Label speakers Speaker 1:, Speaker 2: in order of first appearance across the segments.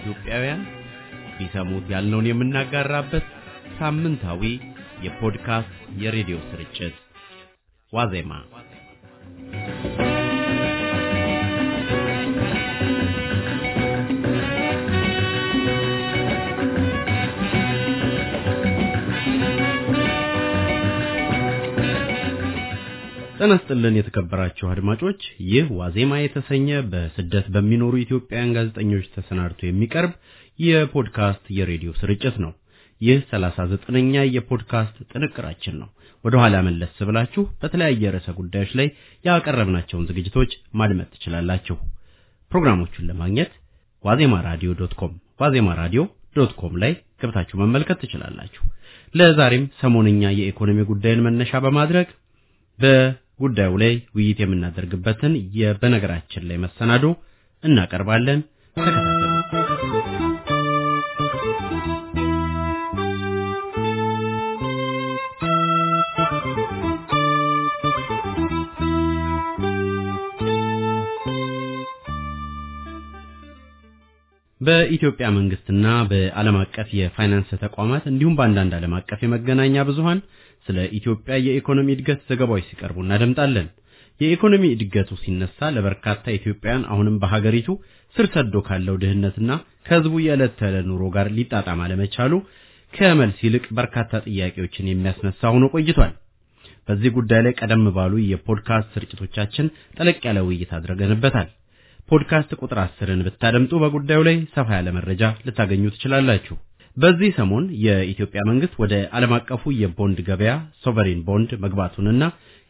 Speaker 1: ኢትዮጵያውያን ቢሰሙት ያልነውን የምናጋራበት ሳምንታዊ የፖድካስት የሬዲዮ ስርጭት ዋዜማ ጤና የተከበራችሁ አድማጮች፣ ይህ ዋዜማ የተሰኘ በስደት በሚኖሩ ኢትዮጵያውያን ጋዜጠኞች ተሰናድቶ የሚቀርብ የፖድካስት የሬዲዮ ስርጭት ነው። ይህ 39 ኛ የፖድካስት ጥንቅራችን ነው። ወደ ኋላ መለስ ብላችሁ በተለያየ ርዕሰ ጉዳዮች ላይ ያቀረብናቸውን ዝግጅቶች ማድመጥ ትችላላችሁ። ፕሮግራሞቹን ለማግኘት ዋዜማ ራዲዮ ዶት ኮም ዋዜማ ራዲዮ ዶት ኮም ላይ ገብታችሁ መመልከት ትችላላችሁ። ለዛሬም ሰሞንኛ የኢኮኖሚ ጉዳይን መነሻ በማድረግ በ ጉዳዩ ላይ ውይይት የምናደርግበትን በነገራችን ላይ መሰናዶ እናቀርባለን። በኢትዮጵያ መንግስትና በዓለም አቀፍ የፋይናንስ ተቋማት እንዲሁም በአንዳንድ ዓለም አቀፍ የመገናኛ ብዙሃን ስለ ኢትዮጵያ የኢኮኖሚ እድገት ዘገባዎች ሲቀርቡ እናደምጣለን። የኢኮኖሚ እድገቱ ሲነሳ ለበርካታ ኢትዮጵያውያን አሁንም በሀገሪቱ ስር ሰዶ ካለው ድህነትና ከህዝቡ የዕለት ተዕለት ኑሮ ጋር ሊጣጣም አለመቻሉ ከመልስ ይልቅ በርካታ ጥያቄዎችን የሚያስነሳ ሆኖ ቆይቷል። በዚህ ጉዳይ ላይ ቀደም ባሉ የፖድካስት ስርጭቶቻችን ጠለቅ ያለ ውይይት አድርገንበታል። ፖድካስት ቁጥር አስርን ብታደምጡ በጉዳዩ ላይ ሰፋ ያለ መረጃ ልታገኙ ትችላላችሁ። በዚህ ሰሞን የኢትዮጵያ መንግስት ወደ ዓለም አቀፉ የቦንድ ገበያ ሶቨሪን ቦንድ መግባቱንና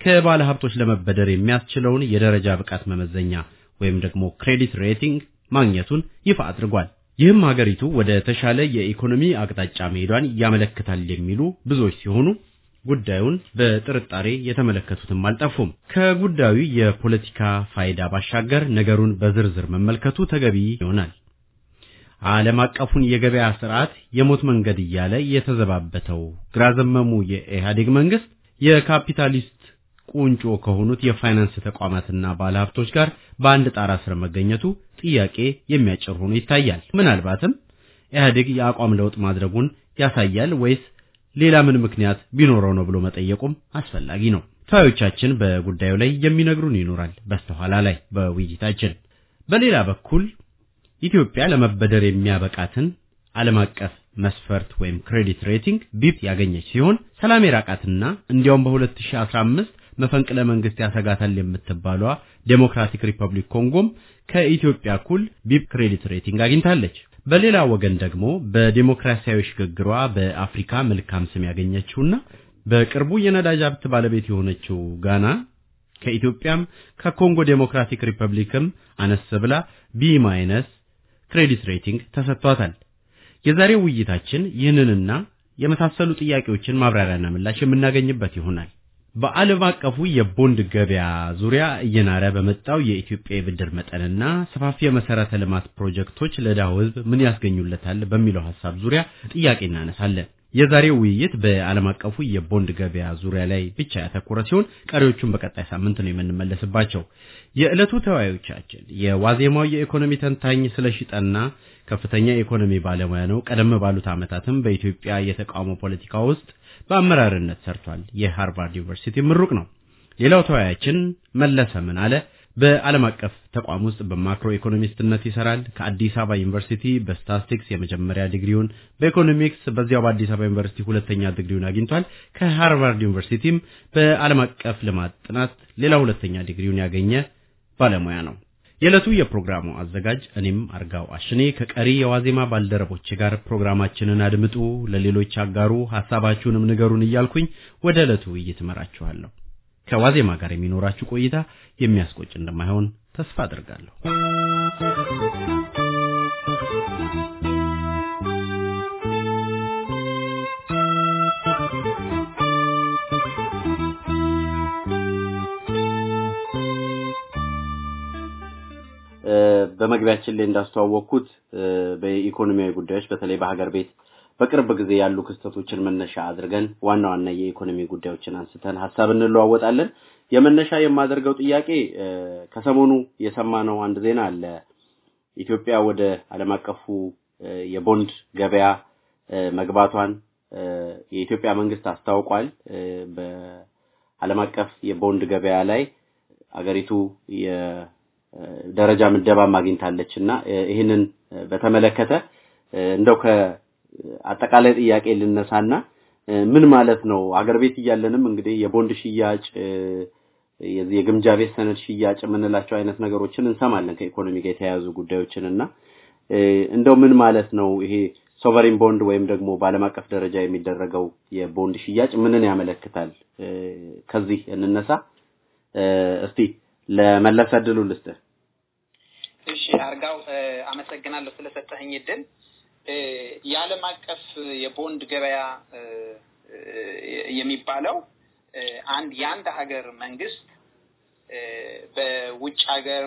Speaker 1: ከባለ ሀብቶች ለመበደር የሚያስችለውን የደረጃ ብቃት መመዘኛ ወይም ደግሞ ክሬዲት ሬቲንግ ማግኘቱን ይፋ አድርጓል። ይህም ሀገሪቱ ወደ ተሻለ የኢኮኖሚ አቅጣጫ መሄዷን ያመለክታል የሚሉ ብዙዎች ሲሆኑ ጉዳዩን በጥርጣሬ የተመለከቱትም አልጠፉም። ከጉዳዩ የፖለቲካ ፋይዳ ባሻገር ነገሩን በዝርዝር መመልከቱ ተገቢ ይሆናል። ዓለም አቀፉን የገበያ ስርዓት የሞት መንገድ እያለ የተዘባበተው ግራ ዘመሙ የኢህአዴግ መንግስት የካፒታሊስት ቁንጮ ከሆኑት የፋይናንስ ተቋማትና ባለሀብቶች ጋር በአንድ ጣራ ስር መገኘቱ ጥያቄ የሚያጭር ሆኖ ይታያል። ምናልባትም ኢህአዴግ የአቋም ለውጥ ማድረጉን ያሳያል ወይስ ሌላ ምን ምክንያት ቢኖረው ነው ብሎ መጠየቁም አስፈላጊ ነው። ተወያዮቻችን በጉዳዩ ላይ የሚነግሩን ይኖራል በስተኋላ ላይ በውይይታችን። በሌላ በኩል ኢትዮጵያ ለመበደር የሚያበቃትን ዓለም አቀፍ መስፈርት ወይም ክሬዲት ሬቲንግ ቢፕ ያገኘች ሲሆን ሰላም የራቃትና እንዲያውም በ2015 መፈንቅለ መንግስት ያሰጋታል የምትባሏ ዴሞክራቲክ ሪፐብሊክ ኮንጎም ከኢትዮጵያ እኩል ቢፕ ክሬዲት ሬቲንግ አግኝታለች። በሌላ ወገን ደግሞ በዴሞክራሲያዊ ሽግግሯ በአፍሪካ መልካም ስም ያገኘችውና በቅርቡ የነዳጅ ሀብት ባለቤት የሆነችው ጋና ከኢትዮጵያም ከኮንጎ ዴሞክራቲክ ሪፐብሊክም አነስ ብላ ቢ ማይነስ ክሬዲት ሬቲንግ ተሰጥቷታል። የዛሬው ውይይታችን ይህንንና የመሳሰሉ ጥያቄዎችን ማብራሪያና ምላሽ የምናገኝበት ይሆናል። በዓለም አቀፉ የቦንድ ገበያ ዙሪያ እየናረ በመጣው የኢትዮጵያ የብድር መጠንና ሰፋፊ የመሰረተ ልማት ፕሮጀክቶች ለድሃው ሕዝብ ምን ያስገኙለታል በሚለው ሀሳብ ዙሪያ ጥያቄ እናነሳለን። የዛሬው ውይይት በዓለም አቀፉ የቦንድ ገበያ ዙሪያ ላይ ብቻ ያተኮረ ሲሆን ቀሪዎቹን በቀጣይ ሳምንት ነው የምንመለስባቸው። የዕለቱ ተወያዮቻችን የዋዜማው የኢኮኖሚ ተንታኝ ስለሽጠና ከፍተኛ የኢኮኖሚ ባለሙያ ነው። ቀደም ባሉት ዓመታትም በኢትዮጵያ የተቃውሞ ፖለቲካ ውስጥ በአመራርነት ሰርቷል። የሃርቫርድ ዩኒቨርሲቲ ምሩቅ ነው። ሌላው ተወያያችን መለሰ ምን አለ በዓለም አቀፍ ተቋም ውስጥ በማክሮ ኢኮኖሚስትነት ይሰራል። ከአዲስ አበባ ዩኒቨርሲቲ በስታስቲክስ የመጀመሪያ ዲግሪውን፣ በኢኮኖሚክስ በዚያው በአዲስ አበባ ዩኒቨርሲቲ ሁለተኛ ዲግሪውን አግኝቷል። ከሃርቫርድ ዩኒቨርሲቲም በዓለም አቀፍ ልማት ጥናት ሌላ ሁለተኛ ዲግሪውን ያገኘ ባለሙያ ነው። የዕለቱ የፕሮግራሙ አዘጋጅ እኔም አርጋው አሽኔ ከቀሪ የዋዜማ ባልደረቦች ጋር ፕሮግራማችንን አድምጡ፣ ለሌሎች አጋሩ፣ ሐሳባችሁንም ንገሩን እያልኩኝ ወደ ዕለቱ ውይይት እመራችኋለሁ። ከዋዜማ ጋር የሚኖራችሁ ቆይታ የሚያስቆጭ እንደማይሆን ተስፋ አድርጋለሁ። በመግቢያችን ላይ እንዳስተዋወቅኩት በኢኮኖሚያዊ ጉዳዮች በተለይ በሀገር ቤት በቅርብ ጊዜ ያሉ ክስተቶችን መነሻ አድርገን ዋና ዋና የኢኮኖሚ ጉዳዮችን አንስተን ሀሳብ እንለዋወጣለን። የመነሻ የማደርገው ጥያቄ ከሰሞኑ የሰማነው አንድ ዜና አለ። ኢትዮጵያ ወደ ዓለም አቀፉ የቦንድ ገበያ መግባቷን የኢትዮጵያ መንግስት አስታውቋል። በዓለም አቀፍ የቦንድ ገበያ ላይ አገሪቱ ደረጃ ምደባም አግኝታለች እና ይህንን በተመለከተ እንደው ከአጠቃላይ ጥያቄ ልነሳና ምን ማለት ነው አገር ቤት እያለንም እንግዲህ የቦንድ ሽያጭ የዚህ የግምጃ ቤት ሰነድ ሽያጭ የምንላቸው አይነት ነገሮችን እንሰማለን ከኢኮኖሚ ጋር የተያያዙ ጉዳዮችን እና እንደው ምን ማለት ነው ይሄ ሶቨሪን ቦንድ ወይም ደግሞ በዓለም አቀፍ ደረጃ የሚደረገው የቦንድ ሽያጭ ምንን ያመለክታል? ከዚህ እንነሳ እስቲ ለመለሰ እድሉ ልስጥህ።
Speaker 2: እሺ አርጋው አመሰግናለሁ ስለሰጠኝ እድል። የዓለም አቀፍ የቦንድ ገበያ የሚባለው አንድ የአንድ ሀገር መንግስት በውጭ ሀገር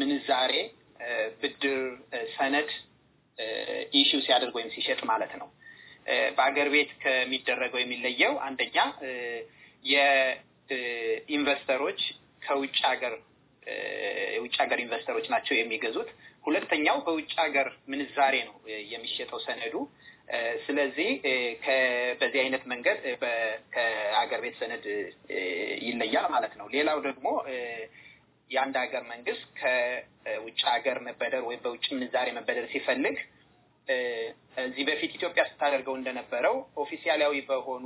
Speaker 2: ምንዛሬ ብድር ሰነድ ኢሹ ሲያደርግ ወይም ሲሸጥ ማለት ነው። በሀገር ቤት ከሚደረገው የሚለየው አንደኛ የኢንቨስተሮች ከውጭ ሀገር የውጭ ሀገር ኢንቨስተሮች ናቸው የሚገዙት። ሁለተኛው በውጭ ሀገር ምንዛሬ ነው የሚሸጠው ሰነዱ። ስለዚህ በዚህ አይነት መንገድ ከሀገር ቤት ሰነድ ይለያል ማለት ነው። ሌላው ደግሞ የአንድ ሀገር መንግስት ከውጭ ሀገር መበደር ወይም በውጭ ምንዛሬ መበደር ሲፈልግ እዚህ በፊት ኢትዮጵያ ስታደርገው እንደነበረው ኦፊሲያላዊ በሆኑ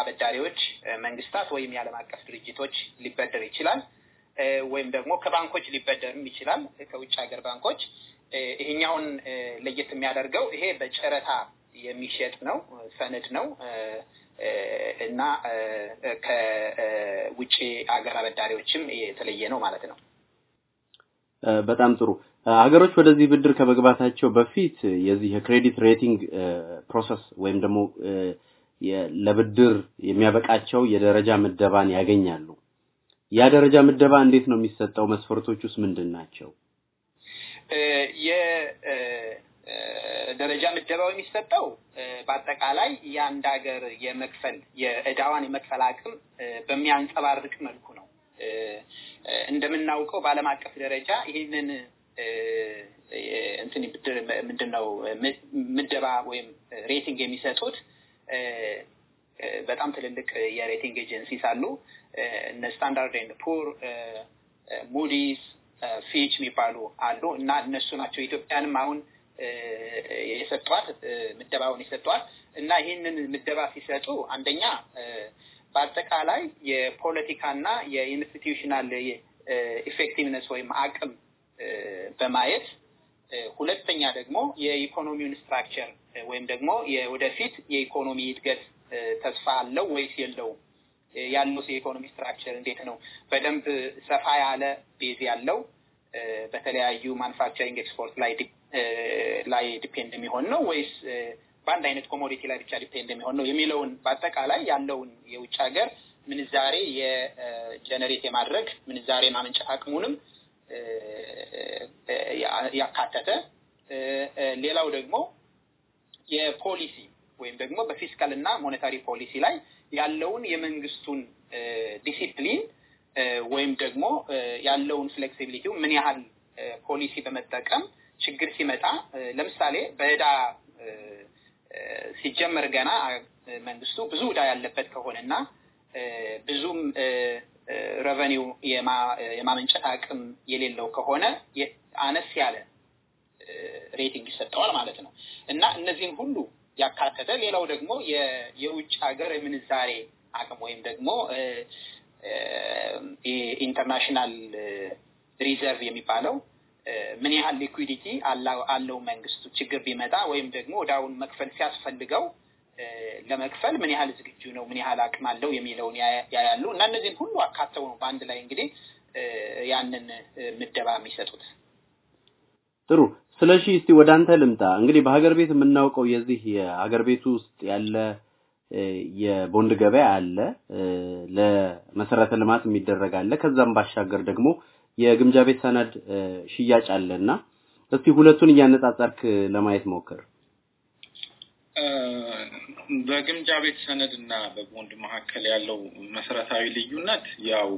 Speaker 2: አበዳሪዎች መንግስታት ወይም የዓለም አቀፍ ድርጅቶች ሊበደር ይችላል ወይም ደግሞ ከባንኮች ሊበደርም ይችላል ከውጭ ሀገር ባንኮች። ይሄኛውን ለየት የሚያደርገው ይሄ በጨረታ የሚሸጥ ነው፣ ሰነድ ነው እና ከውጭ ሀገር አበዳሪዎችም የተለየ ነው ማለት ነው።
Speaker 1: በጣም ጥሩ። አገሮች ወደዚህ ብድር ከመግባታቸው በፊት የዚህ የክሬዲት ሬቲንግ ፕሮሰስ ወይም ደግሞ ለብድር የሚያበቃቸው የደረጃ ምደባን ያገኛሉ። ያ ደረጃ ምደባ እንዴት ነው የሚሰጠው? መስፈርቶች ውስጥ ምንድን ናቸው?
Speaker 3: የደረጃ
Speaker 2: ምደባው የሚሰጠው በአጠቃላይ የአንድ ሀገር የመክፈል የእዳዋን የመክፈል አቅም በሚያንጸባርቅ መልኩ ነው። እንደምናውቀው በዓለም አቀፍ ደረጃ ይህንን እንትን ምንድነው ምደባ ወይም ሬቲንግ የሚሰጡት በጣም ትልልቅ የሬቲንግ ኤጀንሲስ አሉ እነ ስታንዳርድ ን ፑር ሙዲስ ፊች የሚባሉ አሉ እና እነሱ ናቸው ኢትዮጵያንም አሁን የሰጧት ምደባውን የሰጧት እና ይህንን ምደባ ሲሰጡ አንደኛ በአጠቃላይ የፖለቲካና የኢንስቲትዩሽናል ኢፌክቲቭነስ ወይም አቅም በማየት ሁለተኛ ደግሞ የኢኮኖሚውን ስትራክቸር ወይም ደግሞ ወደፊት የኢኮኖሚ እድገት ተስፋ አለው ወይስ የለውም ያሉት የኢኮኖሚ ስትራክቸር እንዴት ነው? በደንብ ሰፋ ያለ ቤዝ ያለው በተለያዩ ማኑፋክቸሪንግ ኤክስፖርት ላይ ዲፔንድ የሚሆን ነው ወይስ በአንድ አይነት ኮሞዲቲ ላይ ብቻ ዲፔንድ የሚሆን ነው የሚለውን በአጠቃላይ ያለውን የውጭ ሀገር ምንዛሬ የጀነሬት የማድረግ ምንዛሬ ማመንጫ አቅሙንም ያካተተ ሌላው ደግሞ የፖሊሲ ወይም ደግሞ በፊስካል እና ሞኔታሪ ፖሊሲ ላይ ያለውን የመንግስቱን ዲሲፕሊን ወይም ደግሞ ያለውን ፍሌክሲቢሊቲው ምን ያህል ፖሊሲ በመጠቀም ችግር ሲመጣ ለምሳሌ በዕዳ ሲጀመር ገና መንግስቱ ብዙ ዕዳ ያለበት ከሆነና ብዙም ረቨኒው የማመንጨት አቅም የሌለው ከሆነ አነስ ያለ ሬቲንግ ይሰጠዋል ማለት ነው እና እነዚህን ሁሉ ያካተተ ሌላው ደግሞ የውጭ ሀገር የምንዛሬ አቅም ወይም ደግሞ ኢንተርናሽናል ሪዘርቭ የሚባለው ምን ያህል ሊኩዊዲቲ አለው መንግስቱ ችግር ቢመጣ ወይም ደግሞ ወደ አሁን መክፈል ሲያስፈልገው ለመክፈል ምን ያህል ዝግጁ ነው፣ ምን ያህል አቅም አለው የሚለውን ያያሉ እና እነዚህን ሁሉ አካተው ነው በአንድ ላይ እንግዲህ ያንን ምደባ የሚሰጡት።
Speaker 1: ጥሩ። ስለሺ እስቲ ወደ አንተ ልምጣ። እንግዲህ በሀገር ቤት የምናውቀው የዚህ የሀገር ቤት ውስጥ ያለ የቦንድ ገበያ አለ፣ ለመሰረተ ልማት የሚደረግ አለ፣ ከዛም ባሻገር ደግሞ የግምጃ ቤት ሰነድ ሽያጭ አለ እና እስቲ ሁለቱን እያነጻጸርክ ለማየት ሞክር።
Speaker 3: በግምጃ ቤት ሰነድ እና በቦንድ መካከል ያለው መሰረታዊ ልዩነት ያው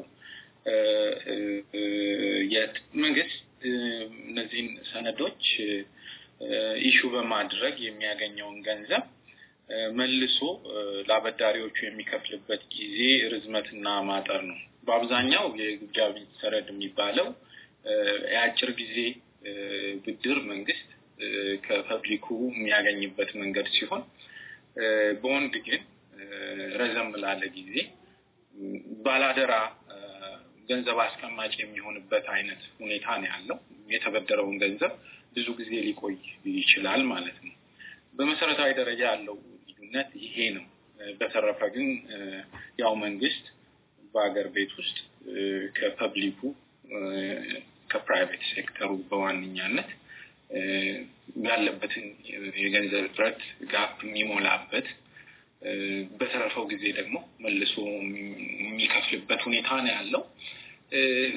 Speaker 3: መንግስት እነዚህን ሰነዶች ኢሹ በማድረግ የሚያገኘውን ገንዘብ መልሶ ለአበዳሪዎቹ የሚከፍልበት ጊዜ ርዝመትና ማጠር ነው። በአብዛኛው የግምጃ ቤት ሰነድ የሚባለው የአጭር ጊዜ ብድር መንግስት ከፐብሊኩ የሚያገኝበት መንገድ ሲሆን በወንድ ግን ረዘም ላለ ጊዜ ባላደራ ገንዘብ አስቀማጭ የሚሆንበት አይነት ሁኔታ ነው ያለው። የተበደረውን ገንዘብ ብዙ ጊዜ ሊቆይ ይችላል ማለት ነው። በመሰረታዊ ደረጃ ያለው ልዩነት ይሄ ነው። በተረፈ ግን ያው መንግስት በሀገር ቤት ውስጥ ከፐብሊኩ ከፕራይቬት ሴክተሩ በዋነኛነት ያለበትን የገንዘብ እጥረት ጋፕ የሚሞላበት በተረፈው ጊዜ ደግሞ መልሶ የሚከፍልበት ሁኔታ ነው ያለው።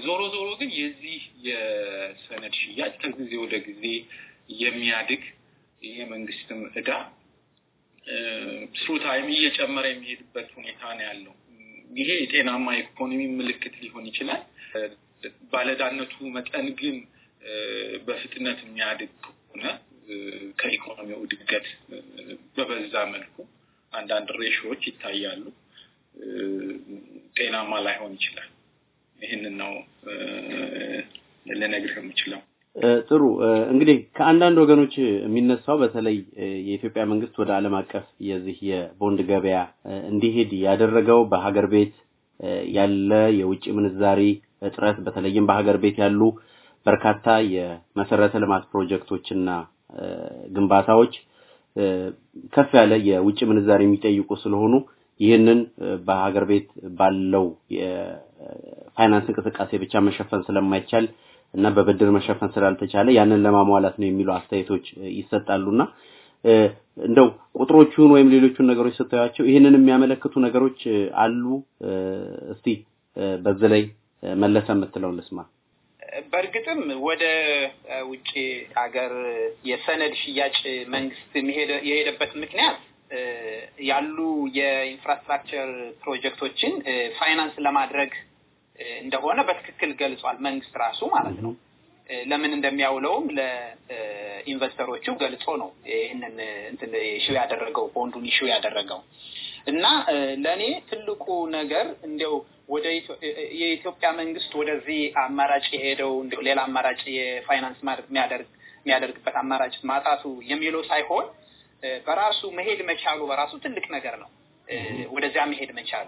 Speaker 3: ዞሮ ዞሮ ግን የዚህ የሰነድ ሽያጭ ከጊዜ ወደ ጊዜ የሚያድግ የመንግስትም እዳ ስሩ ታይም እየጨመረ የሚሄድበት ሁኔታ ነው ያለው። ይሄ የጤናማ ኢኮኖሚ ምልክት ሊሆን ይችላል። ባለዕዳነቱ መጠን ግን በፍጥነት የሚያድግ ከሆነ ከኢኮኖሚው እድገት በበዛ መልኩ አንዳንድ ሬሾዎች ይታያሉ። ጤናማ ላይሆን ይችላል። ይህንን ነው ልነግርህ የምችለው።
Speaker 1: ጥሩ እንግዲህ ከአንዳንድ ወገኖች የሚነሳው በተለይ የኢትዮጵያ መንግስት ወደ ዓለም አቀፍ የዚህ የቦንድ ገበያ እንዲሄድ ያደረገው በሀገር ቤት ያለ የውጭ ምንዛሪ እጥረት በተለይም በሀገር ቤት ያሉ በርካታ የመሰረተ ልማት ፕሮጀክቶችና ግንባታዎች ከፍ ያለ የውጭ ምንዛሪ የሚጠይቁ ስለሆኑ ይህንን በሀገር ቤት ባለው የፋይናንስ እንቅስቃሴ ብቻ መሸፈን ስለማይቻል እና በብድር መሸፈን ስላልተቻለ ያንን ለማሟላት ነው የሚሉ አስተያየቶች ይሰጣሉና እንደው ቁጥሮቹን ወይም ሌሎቹን ነገሮች ስታያቸው ይህንን የሚያመለክቱ ነገሮች አሉ። እስቲ በዚህ ላይ መለሰ የምትለውን ልስማ።
Speaker 2: በእርግጥም ወደ ውጭ ሀገር የሰነድ ሽያጭ መንግስት የሄደበት ምክንያት ያሉ የኢንፍራስትራክቸር ፕሮጀክቶችን ፋይናንስ ለማድረግ እንደሆነ በትክክል ገልጿል። መንግስት ራሱ ማለት ነው። ለምን እንደሚያውለውም ለኢንቨስተሮቹ ገልጾ ነው ይህንን ኢሹ ያደረገው ቦንዱን ኢሹ ያደረገው። እና ለእኔ ትልቁ ነገር እንዲያው ወደ የኢትዮጵያ መንግስት ወደዚህ አማራጭ የሄደው እንዲያው ሌላ አማራጭ የፋይናንስ የሚያደርግ የሚያደርግበት አማራጭ ማጣቱ የሚለው ሳይሆን በራሱ መሄድ መቻሉ በራሱ ትልቅ ነገር ነው። ወደዚያ መሄድ መቻሉ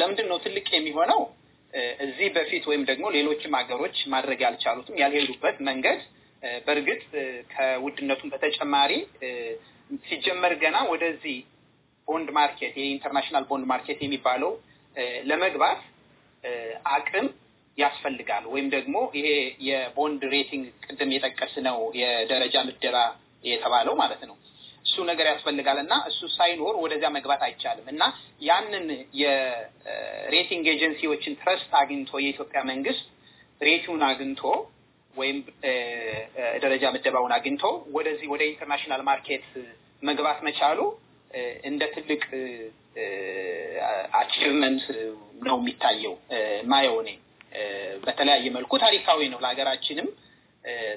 Speaker 2: ለምንድን ነው ትልቅ የሚሆነው? እዚህ በፊት ወይም ደግሞ ሌሎችም ሀገሮች ማድረግ ያልቻሉትም ያልሄዱበት መንገድ በእርግጥ ከውድነቱም በተጨማሪ ሲጀመር ገና ወደዚህ ቦንድ ማርኬት የኢንተርናሽናል ቦንድ ማርኬት የሚባለው ለመግባት አቅም ያስፈልጋል። ወይም ደግሞ ይሄ የቦንድ ሬቲንግ ቅድም የጠቀስ ነው የደረጃ ምደባ የተባለው ማለት ነው። እሱ ነገር ያስፈልጋል እና እሱ ሳይኖር ወደዚያ መግባት አይቻልም እና ያንን የሬቲንግ ኤጀንሲዎችን ትረስት አግኝቶ የኢትዮጵያ መንግስት ሬቲውን አግኝቶ ወይም ደረጃ ምደባውን አግኝቶ ወደዚህ ወደ ኢንተርናሽናል ማርኬት መግባት መቻሉ እንደ ትልቅ አቺቭመንት ነው የሚታየው ማየውኔ በተለያየ መልኩ ታሪካዊ ነው ለሀገራችንም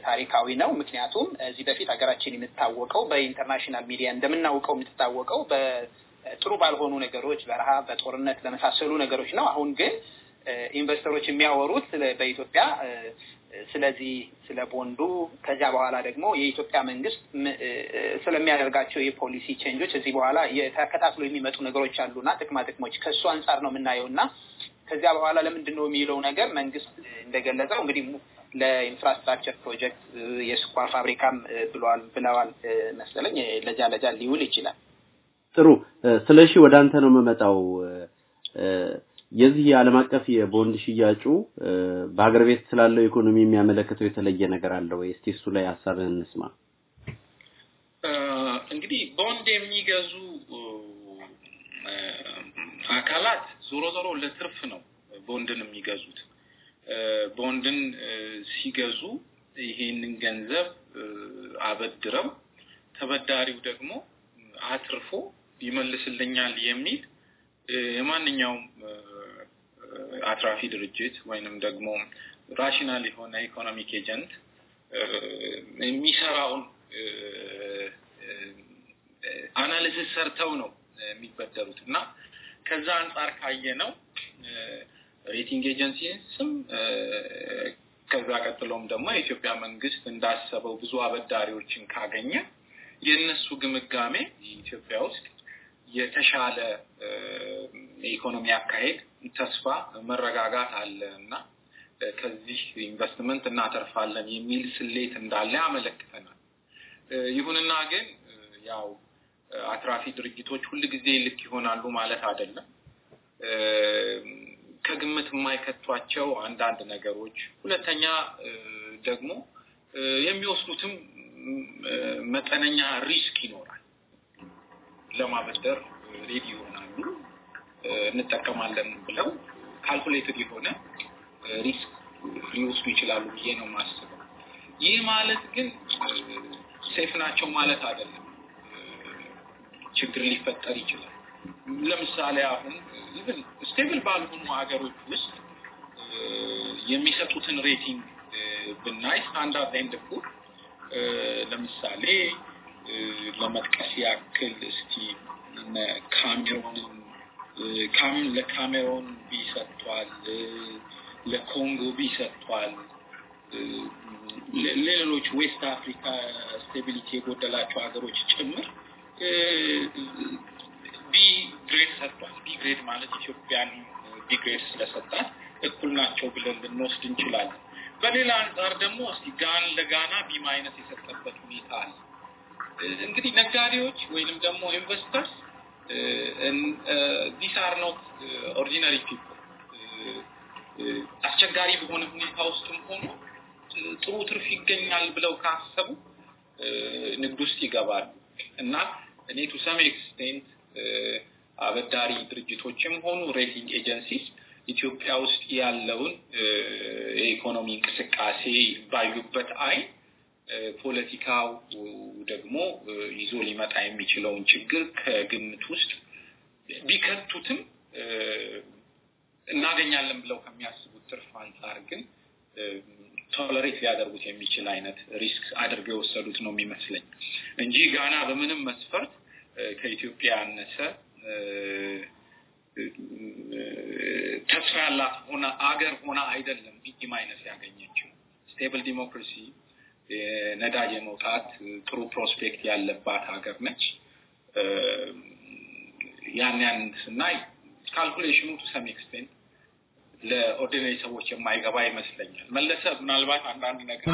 Speaker 2: ታሪካዊ ነው። ምክንያቱም እዚህ በፊት ሀገራችን የምትታወቀው በኢንተርናሽናል ሚዲያ እንደምናውቀው የምትታወቀው በጥሩ ባልሆኑ ነገሮች፣ በረሃብ፣ በጦርነት በመሳሰሉ ነገሮች ነው። አሁን ግን ኢንቨስተሮች የሚያወሩት በኢትዮጵያ ስለዚህ ስለ ቦንዱ ከዚያ በኋላ ደግሞ የኢትዮጵያ መንግስት ስለሚያደርጋቸው የፖሊሲ ቼንጆች እዚህ በኋላ ተከታትሎ የሚመጡ ነገሮች አሉና ጥቅማ ጥቅሞች ከእሱ አንጻር ነው የምናየው እና ከዚያ በኋላ ለምንድን ነው የሚለው ነገር መንግስት እንደገለጸው እንግዲህ ለኢንፍራስትራክቸር ፕሮጀክት የስኳር ፋብሪካም ብለዋል ብለዋል መሰለኝ ለጃ ለጃ ሊውል ይችላል።
Speaker 1: ጥሩ ስለሺ ወደ አንተ ነው የምመጣው። የዚህ የዓለም አቀፍ የቦንድ ሽያጩ በሀገር ቤት ስላለው ኢኮኖሚ የሚያመለክተው የተለየ ነገር አለ ወይ? እስቲ እሱ ላይ ሀሳብህን እንስማ።
Speaker 3: እንግዲህ ቦንድ የሚገዙ አካላት ዞሮ ዞሮ ለትርፍ ነው ቦንድን የሚገዙት። ቦንድን ሲገዙ ይሄንን ገንዘብ አበድረው ተበዳሪው ደግሞ አትርፎ ይመልስልኛል የሚል የማንኛውም አትራፊ ድርጅት ወይንም ደግሞ ራሽናል የሆነ ኢኮኖሚክ ኤጀንት የሚሰራውን አናሊሲስ ሰርተው ነው የሚበደሩት እና ከዛ አንጻር ካየ ነው ሬቲንግ ስም ከዛ ቀጥሎም ደግሞ የኢትዮጵያ መንግስት እንዳሰበው ብዙ አበዳሪዎችን ካገኘ የእነሱ ግምጋሜ ኢትዮጵያ ውስጥ የተሻለ የኢኮኖሚ አካሄድ ተስፋ መረጋጋት አለ እና ከዚህ ኢንቨስትመንት እናተርፋለን የሚል ስሌት እንዳለ ያመለክተናል። ይሁንና ግን ያው አትራፊ ድርጅቶች ሁል ጊዜ ልክ ይሆናሉ ማለት አይደለም። ከግምት የማይከቷቸው አንዳንድ ነገሮች፣ ሁለተኛ ደግሞ የሚወስዱትም መጠነኛ ሪስክ ይኖራል። ለማበደር ሬዲ ይሆናሉ እንጠቀማለን ብለው ካልኩሌትድ የሆነ ሪስክ uh, ሊወስዱ ይችላሉ ብዬ ነው ማስበው። ይህ ማለት ግን ሴፍ uh, ናቸው ማለት አይደለም። uh, ችግር ሊፈጠር ይችላል። ለምሳሌ አሁን ኢቭን ስቴብል ባልሆኑ ሀገሮች ውስጥ የሚሰጡትን ሬቲንግ ብናይ ስታንዳርድ ኤንድ ፑር ለምሳሌ ለመጥቀስ ያክል እስቲ ካሜሮን ለካሜሮን ቢ ሰጥቷል፣ ለኮንጎ ቢ ሰጥቷል። ለሌሎች ዌስት አፍሪካ ስቴቢሊቲ የጎደላቸው ሀገሮች ጭምር ቢ ግሬድ ሰጥቷል። ቢ ግሬድ ማለት ኢትዮጵያን ቢ ግሬድ ስለሰጣት እኩል ናቸው ብለን ልንወስድ እንችላለን። በሌላ አንጻር ደግሞ እስቲ ጋን ለጋና ቢ ማይነስ የሰጠበት ሁኔታ አለ። እንግዲህ ነጋዴዎች ወይንም ደግሞ ኢንቨስተርስ and eh, eh, these are not eh, ordinary አስቸጋሪ በሆነ ሁኔታ ውስጥም ሆኖ ጥሩ ትርፍ ይገኛል ብለው ካሰቡ ንግድ ውስጥ ይገባሉ እና እኔ ቱ ሰም ኤክስቴንት አበዳሪ ድርጅቶችም ሆኑ ሬቲንግ ኤጀንሲስ ኢትዮጵያ ውስጥ ያለውን የኢኮኖሚ እንቅስቃሴ ባዩበት አይን ፖለቲካው ደግሞ ይዞ ሊመጣ የሚችለውን ችግር ከግምት ውስጥ ቢከቱትም እናገኛለን ብለው ከሚያስቡት ትርፍ አንጻር ግን ቶለሬት ሊያደርጉት የሚችል አይነት ሪስክ አድርገው የወሰዱት ነው የሚመስለኝ እንጂ ጋና በምንም መስፈርት ከኢትዮጵያ ያነሰ ተስፋ ያላት ሆነ አገር ሆና አይደለም ቢ አይነት ያገኘችው። ስቴብል ዲሞክራሲ የነዳጅ የመውጣት ጥሩ ፕሮስፔክት ያለባት ሀገር ነች። ያን ያን ስናይ ካልኩሌሽኑ ሰም ኤክስቴንት ለኦርዲናሪ ሰዎች የማይገባ ይመስለኛል። መለሰ ምናልባት አንዳንድ
Speaker 4: ነገር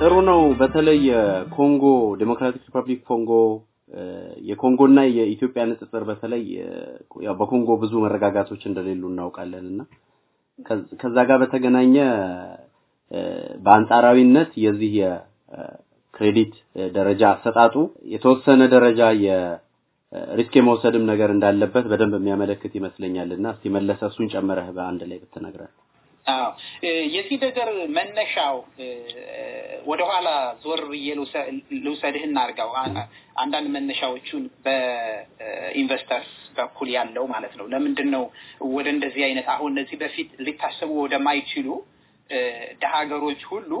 Speaker 1: ጥሩ ነው። በተለይ የኮንጎ ዲሞክራቲክ ሪፐብሊክ ኮንጎ የኮንጎና የኢትዮጵያ ንጽጽር በተለይ በኮንጎ ብዙ መረጋጋቶች እንደሌሉ እናውቃለን እና ከዛ ጋር በተገናኘ በአንጻራዊነት የዚህ የክሬዲት ደረጃ አሰጣጡ የተወሰነ ደረጃ የሪስክ የመውሰድም ነገር እንዳለበት በደንብ የሚያመለክት ይመስለኛል እና እስቲ መለሰ እሱን ጨምረህ በአንድ ላይ ብትነግረን
Speaker 2: የዚህ ነገር መነሻው ወደኋላ ዞር ብዬ ልውሰድህ አርጋው አንዳንድ መነሻዎቹን በኢንቨስተርስ በኩል ያለው ማለት ነው። ለምንድን ነው ወደ እንደዚህ አይነት አሁን እነዚህ በፊት ሊታሰቡ ወደማይችሉ ደሀገሮች ሀገሮች ሁሉ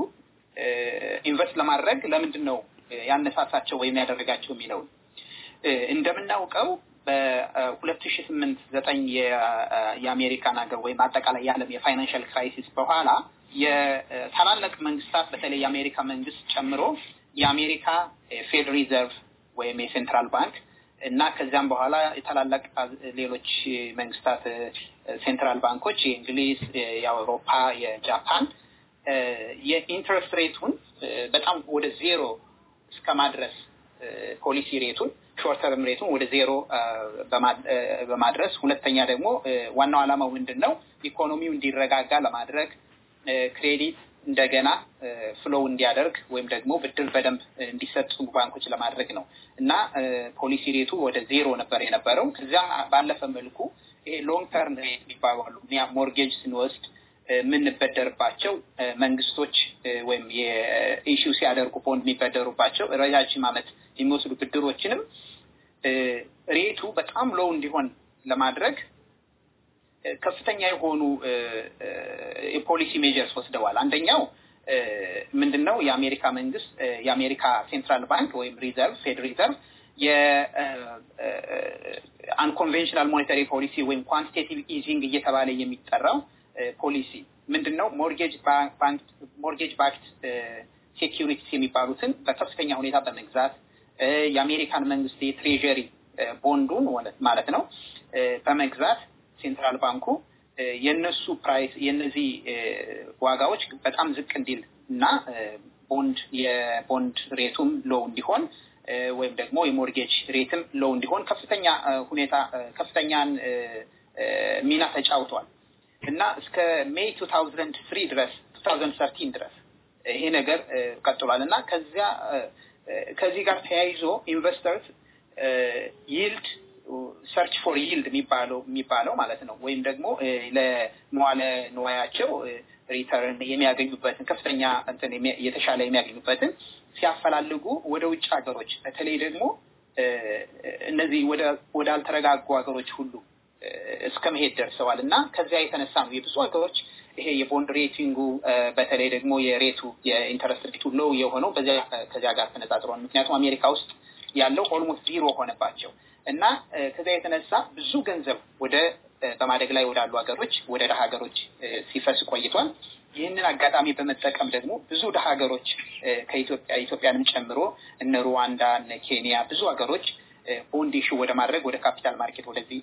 Speaker 2: ኢንቨስት ለማድረግ ለምንድን ነው ያነሳሳቸው ወይም ያደረጋቸው የሚለውን እንደምናውቀው በሁለት ሺ ስምንት ዘጠኝ የአሜሪካን ሀገር ወይም አጠቃላይ የዓለም የፋይናንሻል ክራይሲስ በኋላ የታላላቅ መንግስታት በተለይ የአሜሪካ መንግስት ጨምሮ የአሜሪካ ፌድ ሪዘርቭ ወይም የሴንትራል ባንክ እና ከዚያም በኋላ የታላላቅ ሌሎች መንግስታት ሴንትራል ባንኮች የእንግሊዝ፣ የአውሮፓ፣ የጃፓን የኢንትረስት ሬቱን በጣም ወደ ዜሮ እስከ ማድረስ ፖሊሲ ሬቱን ሾርት ተርም ሬቱን ወደ ዜሮ በማድረስ ሁለተኛ ደግሞ ዋናው ዓላማው ምንድን ነው? ኢኮኖሚው እንዲረጋጋ ለማድረግ ክሬዲት እንደገና ፍሎው እንዲያደርግ ወይም ደግሞ ብድር በደንብ እንዲሰጡ ባንኮች ለማድረግ ነው እና ፖሊሲ ሬቱ ወደ ዜሮ ነበር የነበረው። ከዚያ ባለፈ መልኩ ይሄ ሎንግ ተርም ሬት የሚባሉ ሞርጌጅ ስንወስድ የምንበደርባቸው መንግስቶች ወይም የኢሹ ሲያደርጉ ቦንድ የሚበደሩባቸው ረጃጅም ዓመት የሚወስዱ ብድሮችንም ሬቱ በጣም ሎው እንዲሆን ለማድረግ ከፍተኛ የሆኑ የፖሊሲ ሜጀርስ ወስደዋል። አንደኛው ምንድን ነው? የአሜሪካ መንግስት የአሜሪካ ሴንትራል ባንክ ወይም ሪዘርቭ ፌድ ሪዘርቭ የአንኮንቬንሽናል ሞኔታሪ ፖሊሲ ወይም ኳንቲቴቲቭ ኢዚንግ እየተባለ የሚጠራው ፖሊሲ ምንድን ነው? ሞርጌጅ ባክት ሴኪሪቲስ የሚባሉትን በከፍተኛ ሁኔታ በመግዛት የአሜሪካን መንግስት የትሬዥሪ ቦንዱን ማለት ነው በመግዛት ሴንትራል ባንኩ የነሱ ፕራይስ የነዚህ ዋጋዎች በጣም ዝቅ እንዲል እና ቦንድ የቦንድ ሬቱም ሎው እንዲሆን ወይም ደግሞ የሞርጌጅ ሬትም ሎው እንዲሆን ከፍተኛ ሁኔታ ከፍተኛን ሚና ተጫውቷል። እና እስከ ሜይ ቱ ታውዘንድ ትሪ ድረስ ቱ ታውዘንድ ሰርቲን ድረስ ይሄ ነገር ቀጥሏል እና ከዚያ ከዚህ ጋር ተያይዞ ኢንቨስተርስ ይልድ ሰርች ፎር ይልድ የሚባለው የሚባለው ማለት ነው ወይም ደግሞ ለመዋለ ንዋያቸው ሪተርን የሚያገኙበትን ከፍተኛ እንትን የተሻለ የሚያገኙበትን ሲያፈላልጉ ወደ ውጭ ሀገሮች በተለይ ደግሞ እነዚህ ወዳልተረጋጉ ሀገሮች ሁሉ እስከ መሄድ ደርሰዋል እና ከዚያ የተነሳ ነው የብዙ ሀገሮች ይሄ የቦንድ ሬቲንጉ በተለይ ደግሞ የሬቱ የኢንተረስት ሬቱ ሎው የሆነው ከዚያ ጋር ተነጻጽሮ ነው። ምክንያቱም አሜሪካ ውስጥ ያለው ኦልሞስት ዚሮ ሆነባቸው እና ከዚያ የተነሳ ብዙ ገንዘብ ወደ በማደግ ላይ ወዳሉ ሀገሮች ወደ ድሀ ሀገሮች ሲፈስ ቆይቷል። ይህንን አጋጣሚ በመጠቀም ደግሞ ብዙ ድሀ ሀገሮች ከኢትዮጵያ ኢትዮጵያንም ጨምሮ እነ ሩዋንዳ እነ ኬንያ ብዙ ሀገሮች ቦንድ ኢሹ ወደ ማድረግ ወደ ካፒታል ማርኬት ወደዚህ